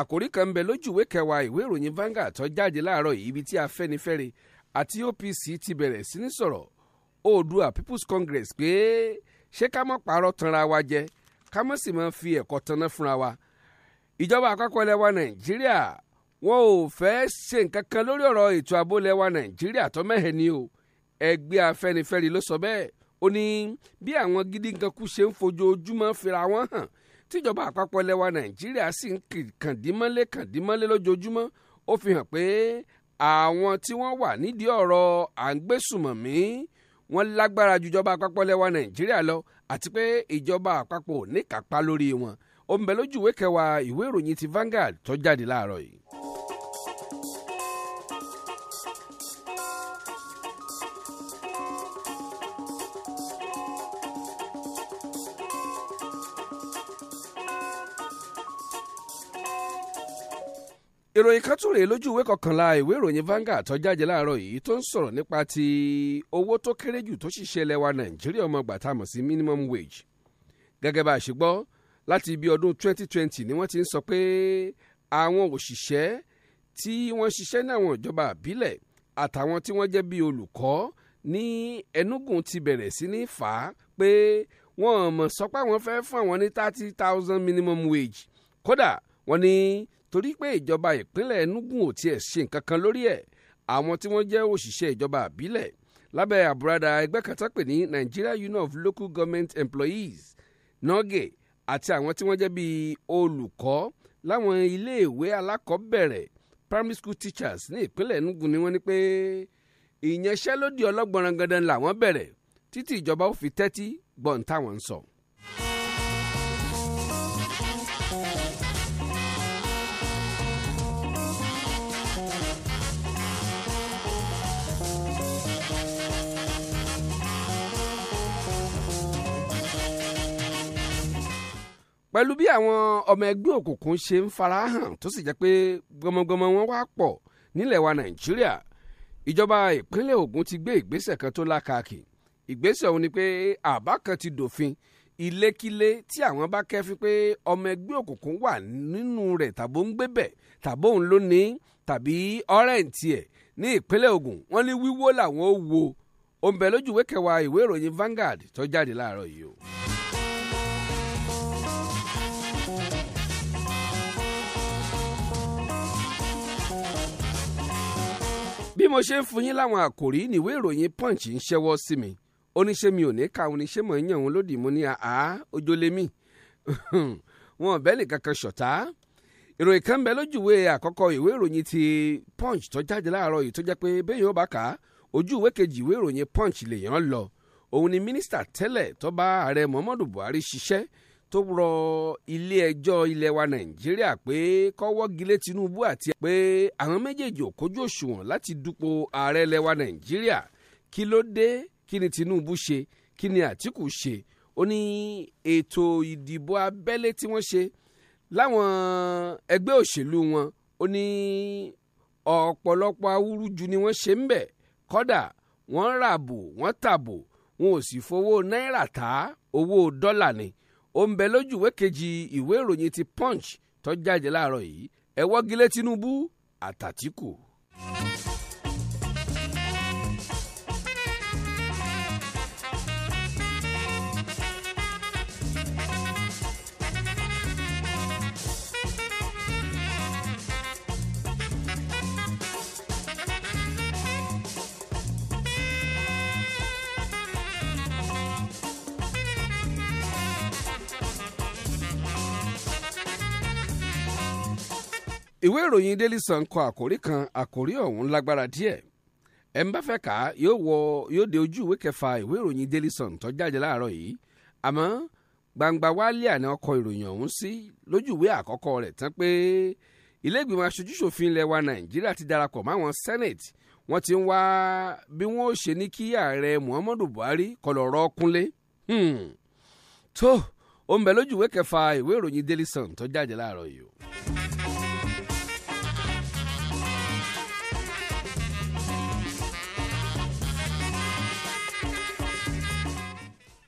àkòrí kan ń bẹ lójú ìwé kẹwàá ìwé ìròyìn Vanguard tó jáde láàárọ̀ yìí ibi tí Afẹ́nifẹ́re àti OPC ti bẹ̀rẹ̀ sí ní sọ̀rọ̀ oòdùà people's congress pé ṣé ká mọ̀ pààrọ̀ tanra wa jẹ ká mọ̀ sì mọ̀ fi ẹ̀kọ́ tanná fúnra wa ìjọba àpapọ̀ lẹwa nàìjíríà wọn ò fẹ́ ṣe nǹkan kan lórí ọ̀rọ̀ ètò ààbò lẹwa nàìjíríà tó mẹ́hẹ̀ ni o ẹgbẹ́ afẹ́nifẹ́re ló sọ bẹ́ẹ̀ ó ní bí àwọn gidi nǹkan kú ṣe ń fojoojúmọ́ fira wọn hàn tíjọba àpapọ̀ lẹwa nàìjíríà sì ń kàndínmọ́lé kàndínmọ́lé lójoojúmọ́ ó fi hàn pé àwọn tí wọ́n wà nídìí ọ̀rọ̀ à ń gbésùmọ̀mí wọ́n lágbára jùjọba àpapọ̀ lẹ́wà nàìjíríà lọ àti pé ìjọba àpapọ̀ níkàpá lórí wọn ó ń bẹ lójú ìwé kẹwàá ìwé ìròyìn ti Vanguard tó jáde láàárọ̀ yìí. ìròyìn kan tún rèé lójú ìwé kọkànlá ìwé ìròyìn Vanguard tó jáde láàárọ̀ yìí tó ń sọ̀rọ̀ nípa ti owó tó kéré jù tó sì ṣẹlẹ̀ wa Nàìjíríà ọmọ gbà mọ̀ sí minimum wage gẹ́gẹ́ bá a ṣe gbọ́ láti ibi ọdún 2020 ni wọ́n ti ń sọ pé àwọn òṣìṣẹ́ tí wọ́n ṣiṣẹ́ ní àwọn ìjọba àbílẹ̀ àtàwọn tí wọ́n jẹ́ bíi olùkọ́ ní Enugu ti bẹ̀rẹ̀ sí ní fà á pé wọ́n mọ̀ sọ pé àwọn fẹ́ fún àwọn ní thirty thousand minimum wage kódà wọ́n ní torí pé ìjọba ìpínlẹ̀ Enugu ò tiẹ̀ ṣe nǹkan kan lórí ẹ̀ àwọn tí wọ́n jẹ́ òṣìṣẹ́ ìjọba àbílẹ̀ lábẹ́ àbúradà ẹgbẹ́ kan ní Nigeria Union of Local Government Employees nọ́gẹ̀ àti àwọn tí wọ́n jẹ́ bíi olùkọ́ láwọn iléèwé alákọ̀ọ́bẹ̀rẹ̀ primary school teachers ní ìpínlẹ̀ Enugu ni wọ́n ní pé ìyanṣẹ́lódì ọlọ́gbọ̀nrangandan làwọn bẹ̀rẹ̀ títí ìjọba ó fi tẹ́tí gbọ́n táwọn ń sọ. So. pẹ̀lú bí àwọn ọmọ ẹgbẹ́ òkùnkùn ṣe ń farahàn tó sì jẹ́ pé gbọmọgbọmọ wọn wá pọ̀ nílẹ̀ wa nàìjíríà ìjọba ìpínlẹ̀ Ògùn ti gbé ìgbésẹ̀ kan tó lákàkì ìgbésẹ̀ ọ̀hún ni pé àbá kan ti dòfin ilékílé tí àwọn bá kẹ́fín pé ọmọ ẹgbẹ́ òkùnkùn wà nínú rẹ̀ tàbó ń gbébẹ̀ tàbó ń lónìí tàbí ọ́rẹ́ǹtì ẹ̀ ní ìpínlẹ̀ Ògùn wọ́n ní wíwó làwọn ó wo òǹbẹ̀ lójú ìwé kẹwàá ìwé ìròyìn Vanguard tó jáde láàárọ̀ yìí o. mo ṣe ń fún yín láwọn àkòrí níwé ìròyìn punch ń ṣẹ́wọ́ sí mi oníṣẹ́ mi ò ní ka oníṣẹ́ mọ̀ ń yàn òun lódì mo ní àá ojolémì wọn ọ̀bẹ́ nìkan ṣọ̀tá ìròyìn kan bẹ lójúwé àkọ́kọ́ ìwé ìròyìn ti punch tó jáde láàárọ̀ yìí tó jẹ́ pé bẹ́ẹ̀ yóò bá kà á ojú kejì ìwé ìròyìn punch lèèyàn lọ òun ni mínísítà tẹ́lẹ̀ tó bá ààrẹ Muhammadu Buhari ṣiṣẹ́ tó rọ ilé-ẹjọ́ ilẹ̀ wa nàìjíríà pé kọ́wọ́gilé tinubu àti pé àwọn méjèèjì ò kójú òṣùwọ̀n láti dupò ààrẹ ilẹ̀ wa nàìjíríà kí ló dé kí ni tinubu ṣe kí ni àtìkù ṣe ó ní ètò ìdìbò abẹ́lé tí wọ́n ṣe láwọn ẹgbẹ́ òṣèlú wọn ó ní ọ̀pọ̀lọpọ̀ awúrúju ni wọ́n ṣe ń bẹ̀ kọ́dà wọ́n ràbò wọ́n tàbò wọn ò sì fowó náírà tá owó dọ́là ni ó ń bẹ lójú ìwé kejì ìwé ìròyìn ti punch tó jáde láàárọ̀ yìí ẹ wọ́gilé Tinubu àtàtìkù. ìwé ìròyìn Daily Sun kọ àkórí kan àkórí ọ̀hún lágbára díẹ̀ ẹ̀ ń bá fẹ́ kà á yóò wọ yóò dé ojú ìwé kẹfà ìwé ìròyìn Daily Sun tó jáde láàárọ̀ yìí àmọ́ gbangba wálé àná ọkọ̀ ìròyìn ọ̀hún sí lójú ìwé àkọ́kọ́ rẹ̀ tán pé ilé ìgbìmọ̀ aṣojúṣòfin ilẹ̀ wa Nàìjíríà ti darapọ̀ máwọn Senate wọ́n ti ń wá bí wọ́n ó ṣe ní kí ààrẹ Muhammadu Buhari kọlọ̀rọ̀ kúnlé hmm. tó ó ń bẹ lójú ìwé kẹfà ìwé ìròyìn Daily Sun tó jáde láàárọ̀ yìí o.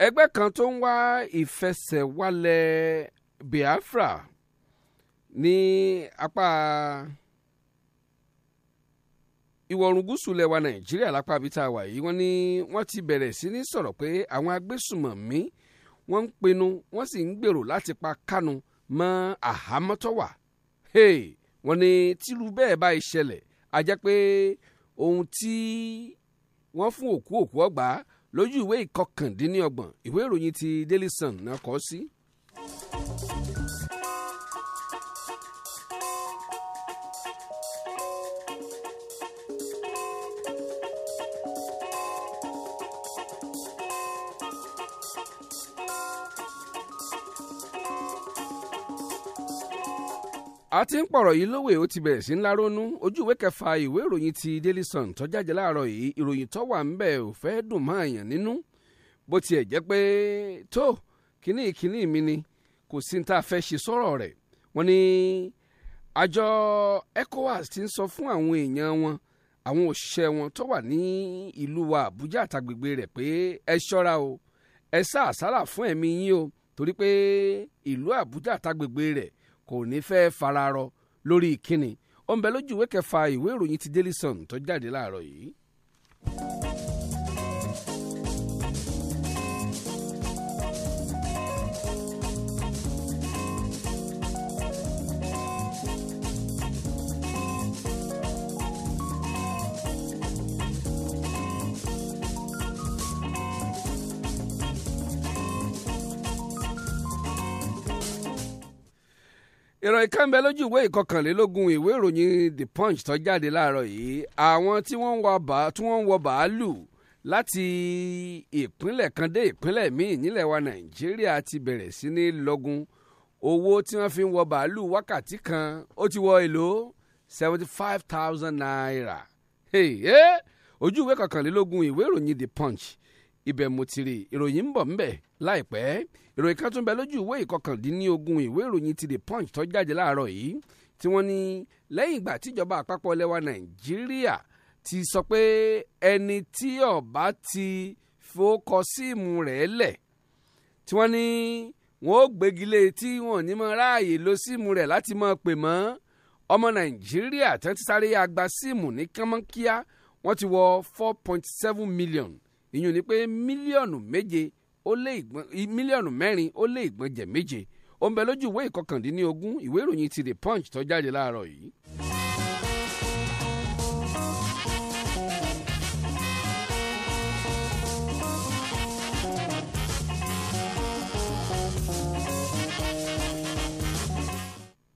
ẹgbẹ́ kan tó ń wá ìfẹsẹ̀wálẹ̀ Biafra ní apá ìwọ̀ oòrùn gúúsù lẹwa Nàìjíríà lápá bí tá a wà yìí wọ́n ní wọ́n ti bẹ̀rẹ̀ sí ní sọ̀rọ̀ pé àwọn agbésùmọ̀mí wọ́n ń pinnu wọ́n sì ń gbèrò láti pa Kánú mọ́ àhámọ́ wọ́n ní tírú bẹ́ẹ̀ bá ìṣẹ̀lẹ̀ a pé ohun tí wọ́n fún òkú òkú ọgbà lójú ìwé ìkọkàndínlọ́gbọ̀n ìwé ìròyìn ti Daily Sun náà kọ sí. a ti ń pọ̀rọ̀ yìí lówè ó ti bẹ̀rẹ̀ sí ńlá ronú ojú ìwé kẹfà ìwé ìròyìn ti Daily Sun tó jáde láàárọ̀ yìí ìròyìn tó wà ńbẹ̀ ò fẹ́ dùn mọ́ àyàn nínú bó tiẹ̀ jẹ́ pé tó kínní kínní mi ni kò sí ní tá a fẹ́ ṣe sọ̀rọ̀ rẹ̀ wọ́n ní àjọ ECOWAS ti ń sọ fún àwọn èèyàn wọn àwọn òṣìṣẹ́ wọn tó wà ní ìlú wa Àbújá àtàgbègbè rẹ̀ pé ẹ ṣọ́ra o ẹ sá àsálà fún ẹ̀mí yín o torí pé ìlú Àbújá àtàgbègbè rẹ̀ kò ní fẹ́ fararọ lórí ìkíni ó ń bẹ lójú ìwé kẹfà ìwé ìròyìn ti Daily Sun tó jáde láàárọ̀ yìí. ìròyìn kan bẹ lójú ìwé ìkọkànlélógún ìwé ìròyìn the punch tó jáde láàárọ̀ yìí àwọn tí wọ́n ń wọ bàálù láti ìpínlẹ̀ kan dé ìpínlẹ̀ míì nílẹ̀ wa nàìjíríà ti bẹ̀rẹ̀ sí ní lọ́gùn owó tí wọ́n fi ń wọ bàálù wákàtí kan ó ti wọ èlò seventy five thousand naira ojú ìwé kọkànlélógún ìwé ìròyìn the punch ibẹ̀ mo ti rí ìròyìn ń bọ̀ ńbẹ̀ láìpẹ́ ìròyìn kan tún bẹ lójú ìwé ìkọkàndínlógún ìwé ìròyìn ti the punch tó jáde láàárọ̀ yìí tí wọ́n ní lẹ́yìn ìgbà tíjọba àpapọ̀ lẹ́wà nàìjíríà ti sọ pé ẹni tí ọba ti fowókọ síìmù rẹ̀ lẹ̀ tí wọ́n ní wọ́n ó gbégilé e tí wọ́n ní mọ ráàyè lo síìmù rẹ̀ láti mọ pè mọ́ ọmọ nàìjíríà tí wọ́n ti sáré agba síìmù ní kánmọ́kíá wọ́n ti wọ four point seven million ìyún ni pé mílíọ̀nù méje ó lé ìgbọ́n mílíọ̀nù mẹ́rin ó lé ìgbọ́n jẹ̀ méje ó ń bẹ lójú ìwé ìkọkàndínlógún ìwé ìròyìn ti the punch tó jáde láàárọ̀ yìí.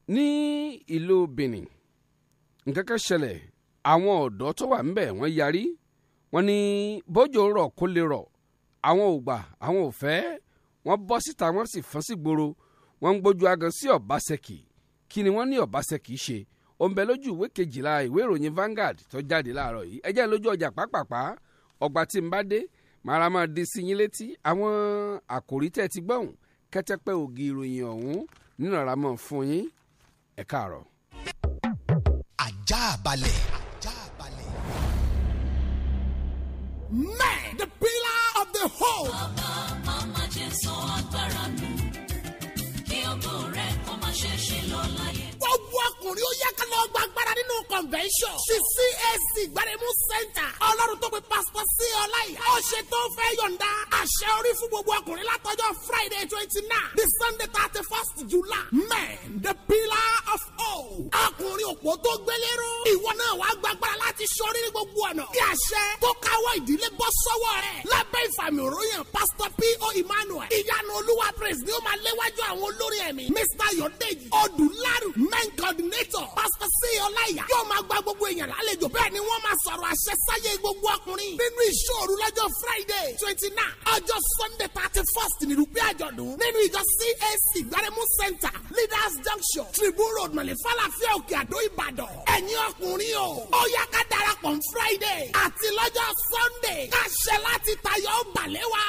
ní ìlú Benin nǹkan kan ṣẹlẹ̀ àwọn ọ̀dọ́ tó wà ńbẹ̀ wọ́n yarí wọ́n ní bójò rọ̀ kó lè rọ̀ àwọn ò gbà àwọn ò fẹ́ wọ́n bọ́ síta wọ́n sì fọ́n sí gbòòrò wọ́n ń gbójú agan sí ọ̀básẹ́kì kí ni wọ́n ní ọ̀básẹ́kì ṣe òǹbẹ lójú ìwé kejìlá ìwé ìròyìn Vanguard tó jáde láàárọ̀ yìí ẹ jẹ́ lójú ọjà pápápá ọgbà tí ń bá dé màrà máa di sí yín létí àwọn àkòrí tẹ́ ti gbọ́hùn kẹ́tẹ́pẹ́ ògì ìròyìn ọ̀hún nínú àràmọ̀ fún yín ẹ káàárọ̀. àjà balẹ̀. Man, the pillar of the whole. ọkùnrin ó yá ká lọ gba agbára nínú convention. ṣe CAC gbaremu center. ọlọ́run tó pe pastor sí ọláyà. ó ṣe tó fẹ́ yọ̀ǹda. àṣẹ orí fún gbogbo ọkùnrin látọjọ́ Friday twenty nine the Sunday thirty first July. men the pillar of hope. ọkùnrin òpó tó gbélérò. ìwọ náà wàá gba agbára láti ṣọrí ní gbogbo ọ̀nà. kí àṣẹ tó káwọ́ ìdílé bọ́ sọ́wọ́ rẹ̀. lábẹ́ ìfàmì òróyìn pastor P.O. Emmanuel. ìyanu olúwa praise ni ó máa léwájú àwọn olórin ẹ̀mí. Mr. Yodeji Odularu men coordinator coordinator pastor sèye ọláyà yóò máa gba gbogbo èèyàn lálejò bẹ́ẹ̀ ni wọ́n máa sọ̀rọ̀ àṣẹ sáyé gbogbo ọkùnrin nínú ìṣòro lọ́jọ́ friday twenty nine ọjọ́ sunday thirty first nìrúgbé àjọ̀dún nínú ìjọ cac gbaremu center leaders junction tribune road mọ̀lẹ́fàlàfẹ́ òkè àdó ìbàdàn ẹ̀yin ọkùnrin o ó yá ká darapọ̀ n friday àti lọ́jọ́ sunday káṣẹ láti tayọ̀ balẹ̀ wa.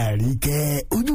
àríkẹ́ ojú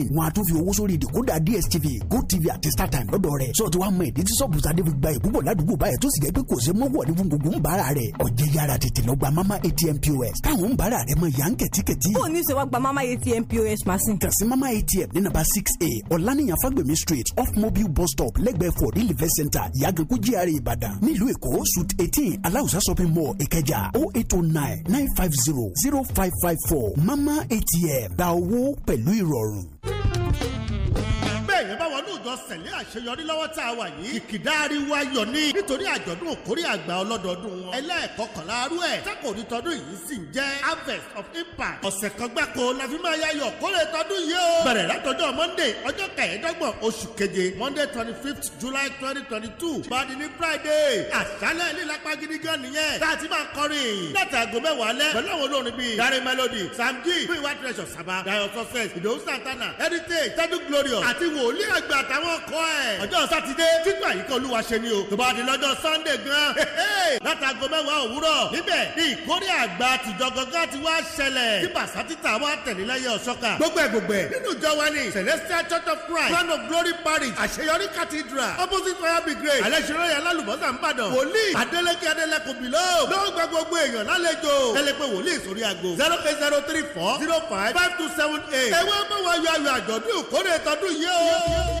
machine wọn a tún fi owó sórí ìdìkúdà dstv gotv àti startime lọ́dọ̀ rẹ̀ sọ ti wá mọ ìdí tí sọ́ọ̀bù sadé fi gba ìbúbọ̀ ládùúgbò báyìí tó sì jẹ́ pé kò ṣe mọ́wọ́ ní gbogbo ń bára rẹ̀ ọ̀jẹ̀ yára tètè lọ mama atm pos táwọn ń bára rẹ̀ mọ ìyá ń kẹ̀tíkẹ̀tí. ó ní sọ wá gba mama atm pos machine. kàn sí mama atm ní nàbà six a ọ̀lànìyàn fagbemi street off mobile bus stop lẹ́gbẹ̀ẹ́ for the live center ìyàgànkú gr ìbàdàn nílùú èkó suit eighteen aláùsá shopping mall ìkẹjà o oh eight o oh nine nine five zero zero five five four mama atm gba owó pẹ̀lú ìrọ̀rùn. Thank you. jọ sẹ̀lé àṣeyọrí lọ́wọ́ tá a wà yìí ìkìdá ariwo ayọ̀ ni nítorí àjọ̀dún òkórè àgbà ọlọ́dọọdún wọn ẹlẹ́ẹ̀kọkànlá arú ẹ̀ tákòrí tọdún yìí sì ń jẹ́ harvest of impact ọ̀sẹ̀ kan gbáko la fi máa yayọ̀ kórè tọdún yìí o bẹ̀rẹ̀ látọjọ́ monday ọjọ́ kẹẹ̀ẹ́dọ́gbọ̀n oṣù keje monday twenty fifth july twenty twenty two badi ní friday àṣálẹ̀ lílapa gidi nìyẹn tá àtàwọn ọkọ ẹ̀. ọjọ́ sátidé títún àyíká olúwa ṣe ni o tó bá di lọ́jọ́ sunday gan látago mẹ́wàá òwúrọ̀ níbẹ̀ ni ìkórè àgbà tìjọ gangan ti wá ṣẹlẹ̀ tí bàṣátítà wá tẹ̀lé lẹ́yẹ ọ̀ṣọ́ka gbogbo ẹ̀gbọ̀gbẹ̀ nínú ìjọ wa ni celestial church of christ crown of glory parish àṣeyọrí cathedral opposite fire brigade alẹ́sẹ̀rọ̀yà lálùbọ́sà ńbàdàn wòlíì adeleke adeleko bìló lọ́gbà gbogbo èèyàn lálejò ẹlẹ́pẹ̀ wòlíì sórí ago zero eight zero three four zero five five two seven eight ẹ̀wọ́n bá wa yọ ayọ̀ àjọ̀dún ìkórè tọdún yìí o.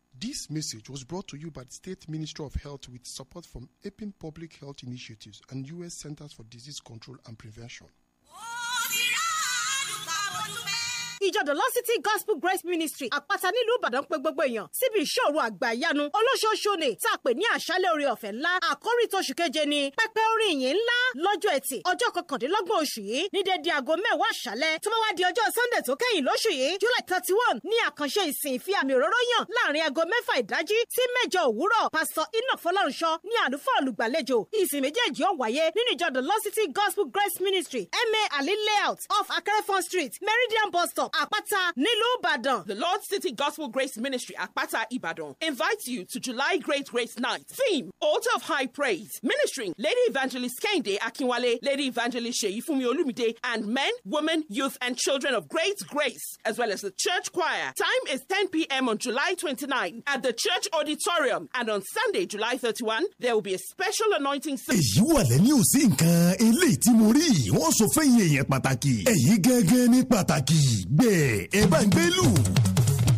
This message was brought to you by the State Ministry of Health with support from APIM Public Health Initiatives and U.S. Centers for Disease Control and Prevention. ìjọdọ̀ lọ sí gospel grace ministry àpáta nílùú ìbàdàn pé gbogbo èèyàn síbi ìṣòro àgbà ìyanu olóṣooṣù ni tá a pè ní àṣálẹ́ orí ọ̀fẹ́ ńlá àkórí tóṣù keje ni pẹpẹ orin ìyìn ńlá lọ́jọ́ ẹtì ọjọ́ kọkàndínlọ́gbọ̀n oṣù yìí ní dédé aago mẹ́wàá àṣálẹ́ tó bá wá di ọjọ́ sunday tó kẹ́yìn lóṣù yìí july thirty one ní àkànṣe ìsìn ìfi àmì òróró yàn láàrin aago mẹ́fà ìdájí sí mẹ́jọ òwúrọ̀ pásítọ̀ enoch fọlọ́runṣọ ní àlùfáà olùgbàlejò ìsìn méjèèjì ó wáyé nínú ìjọdọ̀ lọ sí gospel grace ministry ma ali layout off akẹ́rẹ́fọ́n street meridian bus stop Apata Nilu Badan. The Lord City Gospel Grace Ministry Apata Ibadan invites you to July Great Grace Night. Theme Altar of High Praise. Ministering Lady Evangelist Kende Akinwale, Lady Evangelist Sheyifumi Olumide, and men, women, youth, and children of great grace, as well as the church choir. Time is 10 p.m. on July 29 at the church auditorium. And on Sunday, July 31, there will be a special anointing. service. Èyí gẹ́gẹ́ ní pàtàkì gbè ẹ bá ń gbé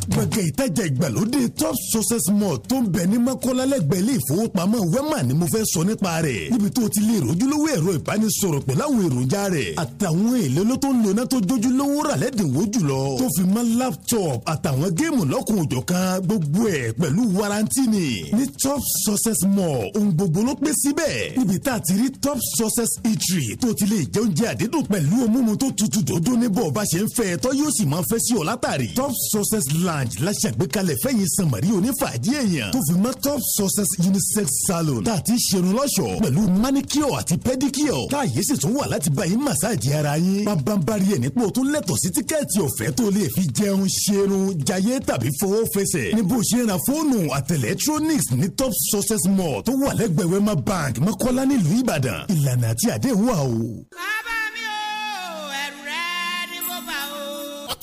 gbọ̀ngàn ìtajà ìgbàlódé top success mall tó ń bẹ ní mọ́kànlá lẹ́gbẹ̀ẹ́ ilé ìfowópamọ́ wema ni mo fẹ́ sọ nípa rẹ̀ níbi tó ti lè rojúlówó ẹ̀rọ ìbánisọ̀rọ̀ pẹ̀lú àwọn èròjà rẹ̀ àtàwọn èlé tó ń lona tó jójú lówó rà lẹ́dínwó jùlọ tó fi mọ́ laptop àtàwọn géèmù lọ́kùn òjọ̀ kan gbogbo ẹ̀ pẹ̀lú warranty ni ní top success mall ohun gbogbo ló pé síbẹ̀ níbi tá a ti rí top success eatery tó ti lè lounge la ṣàgbékalẹ̀ fẹ̀yìn sanmari onífàájì èèyàn tó fi mọ́ top success unisex salon tá a ti ṣerun lọ́ṣọ̀ pẹ̀lú manicure àti pedicure tá a yẹ sì tún wà láti bá yín massage ara yín bábánbárí ẹ̀ nípò tó lẹ́tọ̀ọ́ sí tíkẹ́ẹ̀tì ọ̀fẹ́ tó lè fi jẹun ṣerun jayé tàbí fowó fẹsẹ̀ ní bó ṣe ra fóònù àti electronics ní top success mall tó wà lẹ́gbẹ̀wẹ́mà bank mọ́kọ́lá nílùú ìbàdàn ìlànà àti àdéhùn wà o. bàbá mi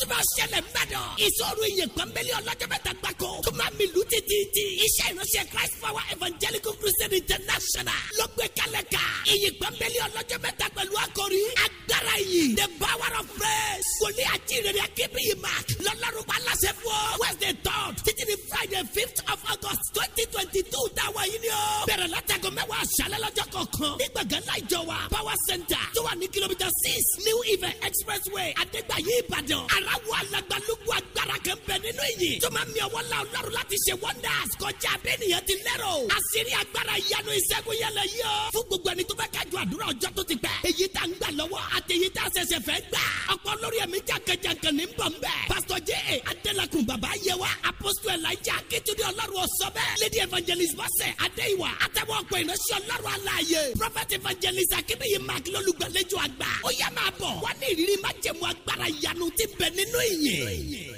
tó bá ṣẹlẹ̀ nbàdàn. ìṣòro iye pẹ́ńbẹ́lẹ́ ọlọ́jọ́ mẹ́ta gbáko tó máa mi lù títí. iṣẹ́ ìránṣẹ́ Christ Power Evangelical Christian International ló gbé kalẹ̀ ká. iye pẹ́ńbẹ́lẹ́ ọlọ́jọ́ mẹ́ta pẹ̀lú akọrin agbára yìí the power of praise. wòlíì àjíǹrere akébíyì mark lọ́lọ́rùbá aláṣẹ fún ọ. Wednesday third títí di Friday fifth of August twenty twenty two dáwọ̀ yìí ni ó. bẹ̀rẹ̀ látàgọ́ mẹ́wàá aṣálẹ́ lọ́jọ́ kọ̀ọ̀kan ní gbọ̀ngàn láìjọ wa power center tó wà ní kìlómítà six New event expressway Adégbàyí Ìbàdàn. ara aláwọ̀ alagbalógun agbára kan bẹ nínú ìyìn tó máa mi ọwọ́ la ọlọ́run láti ṣe wonders kọjá abẹ́nìyàn ti lérò àṣírí agbára ìyanu ìṣẹ́gun yẹlẹ yìí o fún gbogbo ẹni tó fẹ́ kájú àdúrà ọjọ́ tó ti pẹ́ èyí tá ń gbà lọ́wọ́ àti èyí tá ṣẹ̀ṣẹ̀ fẹ́ gbà ọ̀pọ̀ lórí ẹ̀mí jàǹkànjàǹkàn ní bọ̀ nbẹ̀ pásítọ̀ j a adélakùn bàbá yẹ wa apostol elijah akitunde ọlọ́run ọ̀sọ́ bẹ́ẹ̀ lady evangelist bọ́sẹ̀ adéyíwá àtẹ̀wọ́ ọ̀pọ̀ ìránṣẹ́ ọlọ́run aláàyè prophet evangelist akínníyí mark lólùgbàlejò àgbà ó yá máa bọ̀ wọ́n ní ìrírí májẹ̀mú agbára ìyanu ti bẹ̀ n nínú ìyìn.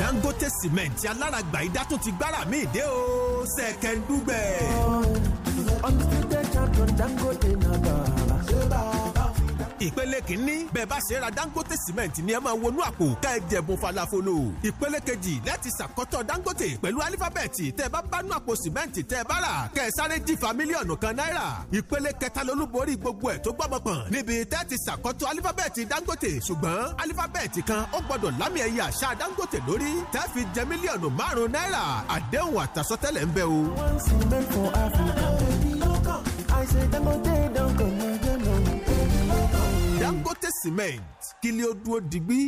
Dangote cement alára gbàyídá tó ti gbára mi dé o ṣẹ̀kẹ̀ ọ̀nà tí tẹ̀ champion Dangote ìpele kìíní bẹ́ẹ̀ bá ṣe ra dangote cement ni ẹ máa wọnú àpò ká ẹ jẹ̀bùn falafolo ìpele kejì lẹ́ẹ̀tì ṣàkọ́tọ̀ dangote pẹ̀lú alifábẹ́ẹ̀tì tẹ́ ẹ bá bánú àpò cement tẹ́ ẹ bá rà kẹ́ ẹ sáré jìfà mílíọ̀nù kan náírà ìpele kẹta lolúborí gbogbo ẹ̀ tó gbọ́mọ pọ̀n níbi tẹ́ẹ̀tì ṣàkọ́tọ̀ alifábẹ́ẹ̀tì dangote ṣùgbọ́n alifábẹ́ẹ̀tì kan ó gbọ́dọ̀ one cement for Africa. Dangote cement kí lè ó dúró digbí.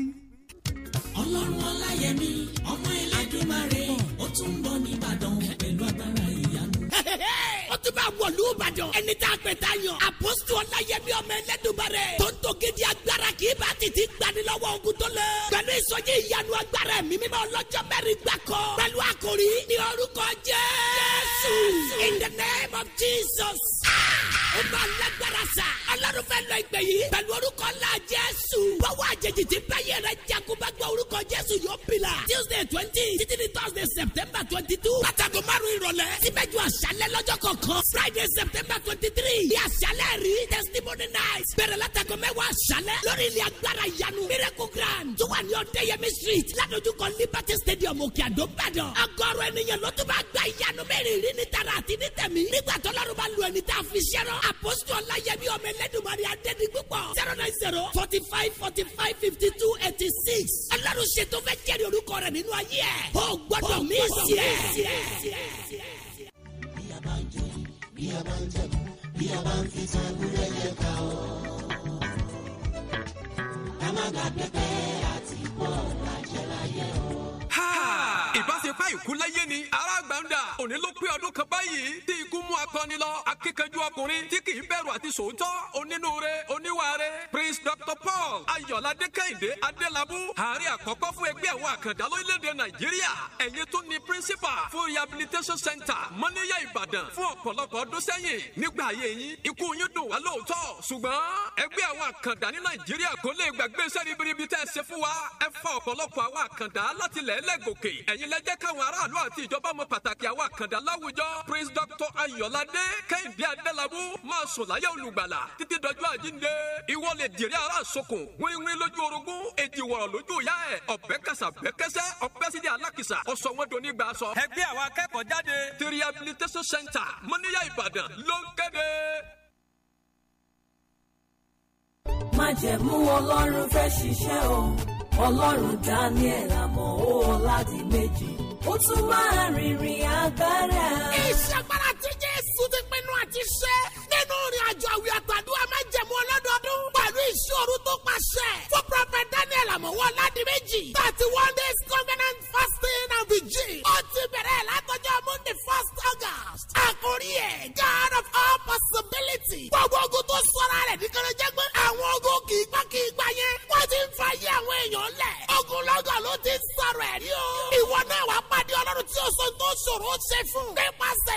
ọlọ́run ọláyẹmí ọmọ ẹlẹ́dùnmarè ó tún ń nìbàdàn pẹ̀lú agbára ìyanu. ó tún bá wọ̀lú ìbàdàn ẹni tá a pè tá a yàn. àpòsù ọláyẹmí ọmọ ẹlẹ́dùnmarè tó ń tó agbára kì í bá títí gbani lọ́wọ́ ogun tó lé. pẹ̀lú ìsọjí ìyanu agbára ẹ̀mí mímọ́ ọlọ́jọ́ mẹ́rin gbàkọ. pẹ̀lú àkòrí ní orúkọ Jésù. in the name of Jesus. Ah! ó máa lágbára sá ọlọ́run lọ ìgbẹ́ yìí pẹ̀lú orúkọ ńlá jésù bọ́wọ́ àjèjì ti báyẹ̀ rẹ jagunba orúkọ jésù yóò bila tuesday twenty títí di thursday september twenty two pátákó márùn ìrọ̀lẹ́ síbẹ̀jú àṣálẹ́ lọ́jọ́ kọ̀ọ̀kan friday september twenty three ní àṣálẹ́ rí testimony night bẹ̀rẹ̀ látàkọ́ mẹ́wàá àṣálẹ́ lórí ilẹ̀ agbára ìyanu miracle grand tó wà ní ọ̀dẹ́yẹmí street ládojúkọ liberty stadium òkè àdó gbàdàn ọgọ́rùn ènìyàn ló tún bá gba ìyanu mẹ́rin rí ní tara àti ní tẹ̀mí nígbà tó lọ́rùn bá lu ẹni tá a fi ṣẹ́rọ àpòsù ọ̀la yẹmí ọmọ ẹlẹ́ Olódùmarè adédi púpọ̀ zero nine zero forty five forty five fifty two eighty six Ọlọ́run ṣètò fẹ́ jẹ́rìí orúkọ rẹ̀ nínú ayé ẹ̀ ó gbọ́dọ̀ mí sí bí a bá ń jẹ bí a bá ń jẹ bí a bá ń fi tan ewúrẹ́ yẹ ká o. ká má gbàgbé pé àtìkọ́ ọ̀la jẹ́ láyé o nípa ìkú láyé ni aráàgbàǹdà òní ló pé ọdún kan báyìí tí ikú mú akọni lọ akíkanjú ọkùnrin tí kì í bẹ̀rù àti sòótọ́ onínúure oníwàre prince dr paul ayọ̀ládé kẹ́hìndé adélabú ààrẹ àkọ́kọ́ fún ẹgbẹ́ àwọn àkàndá lórílẹ̀‐èdè nàìjíríà ẹ̀yin tó ní principal fún rehabilitation center mọ́níyà ìbàdàn fún ọ̀pọ̀lọpọ̀ ọdún sẹ́yìn nígbà ayé yín ikú yín dùn wá lóòótọ́ ṣùgbọ́n ẹgbẹ́ àwọn àkàndá ní nàìjíríà kò lè gbàgbé iṣẹ́ ribiribi tẹ́ ẹ ṣe fún wa ẹ fa ọ̀pọ̀lọpọ̀ àwọn àkàndá láti lẹ́ẹ̀lẹ́gòkè ẹ̀yin lẹ́jẹ́ k káwọn aráàlú àti ìjọba mọ pàtàkì àwọn àkàndá láwùjọ Prince Dr. Ayọ̀ládé Kẹ́hìndé Adélabú máa sùn láyé olùgbàlà títí dọjọ́ àjínde ìwọ lè dìrí ara sokùn wíwín lójú orogún èjì wọ̀rọ̀ lójú ìyá ẹ̀ ọ̀bẹ kàṣà bẹ́ kẹsẹ́ ọ̀bẹ sídìí alákìsà ọ̀sọ̀ wọn doni gba sọ. ẹgbẹ́ àwọn akẹ́kọ̀ọ́ jáde ti rehabilitation center mọ́níyà Ìbàdàn ló ń kéde májẹ̀mú ọlọ́run fẹ́ ṣiṣẹ́ o ọlọ́run Daniel àmọ́ ó ọ̀làdì méjì ó tún máa rìnrìn agbára. iṣẹ́ agbára tí Jésù ti pinnu àti ṣe nínú ìrìn àjò àwìn àtàdúrà májẹ̀mú ọlọ́dọọdún pẹ̀lú ìṣòro tó pàṣẹ fún Prophet Daniel Àmọ̀wọ́ Ládìméjì thirty one days covenant fasting and vigil ó ti bẹ̀rẹ̀ látọjọ́ Monday first August àkórí ẹ̀ God of all possibility gbogbo ogun tó sọ̀rọ̀ rẹ̀ nìkan ló jẹ́ àwọn ogun kì í gbá kì í gbá ayé àwọn èèyàn lẹ̀. ogunlọ́gọ̀ ló ti sọ̀rọ̀ ẹ̀rí o. ìwọ náà wàá pàdé ọlọ́run tí o sọ tó ṣòro ṣe fún. nípasẹ̀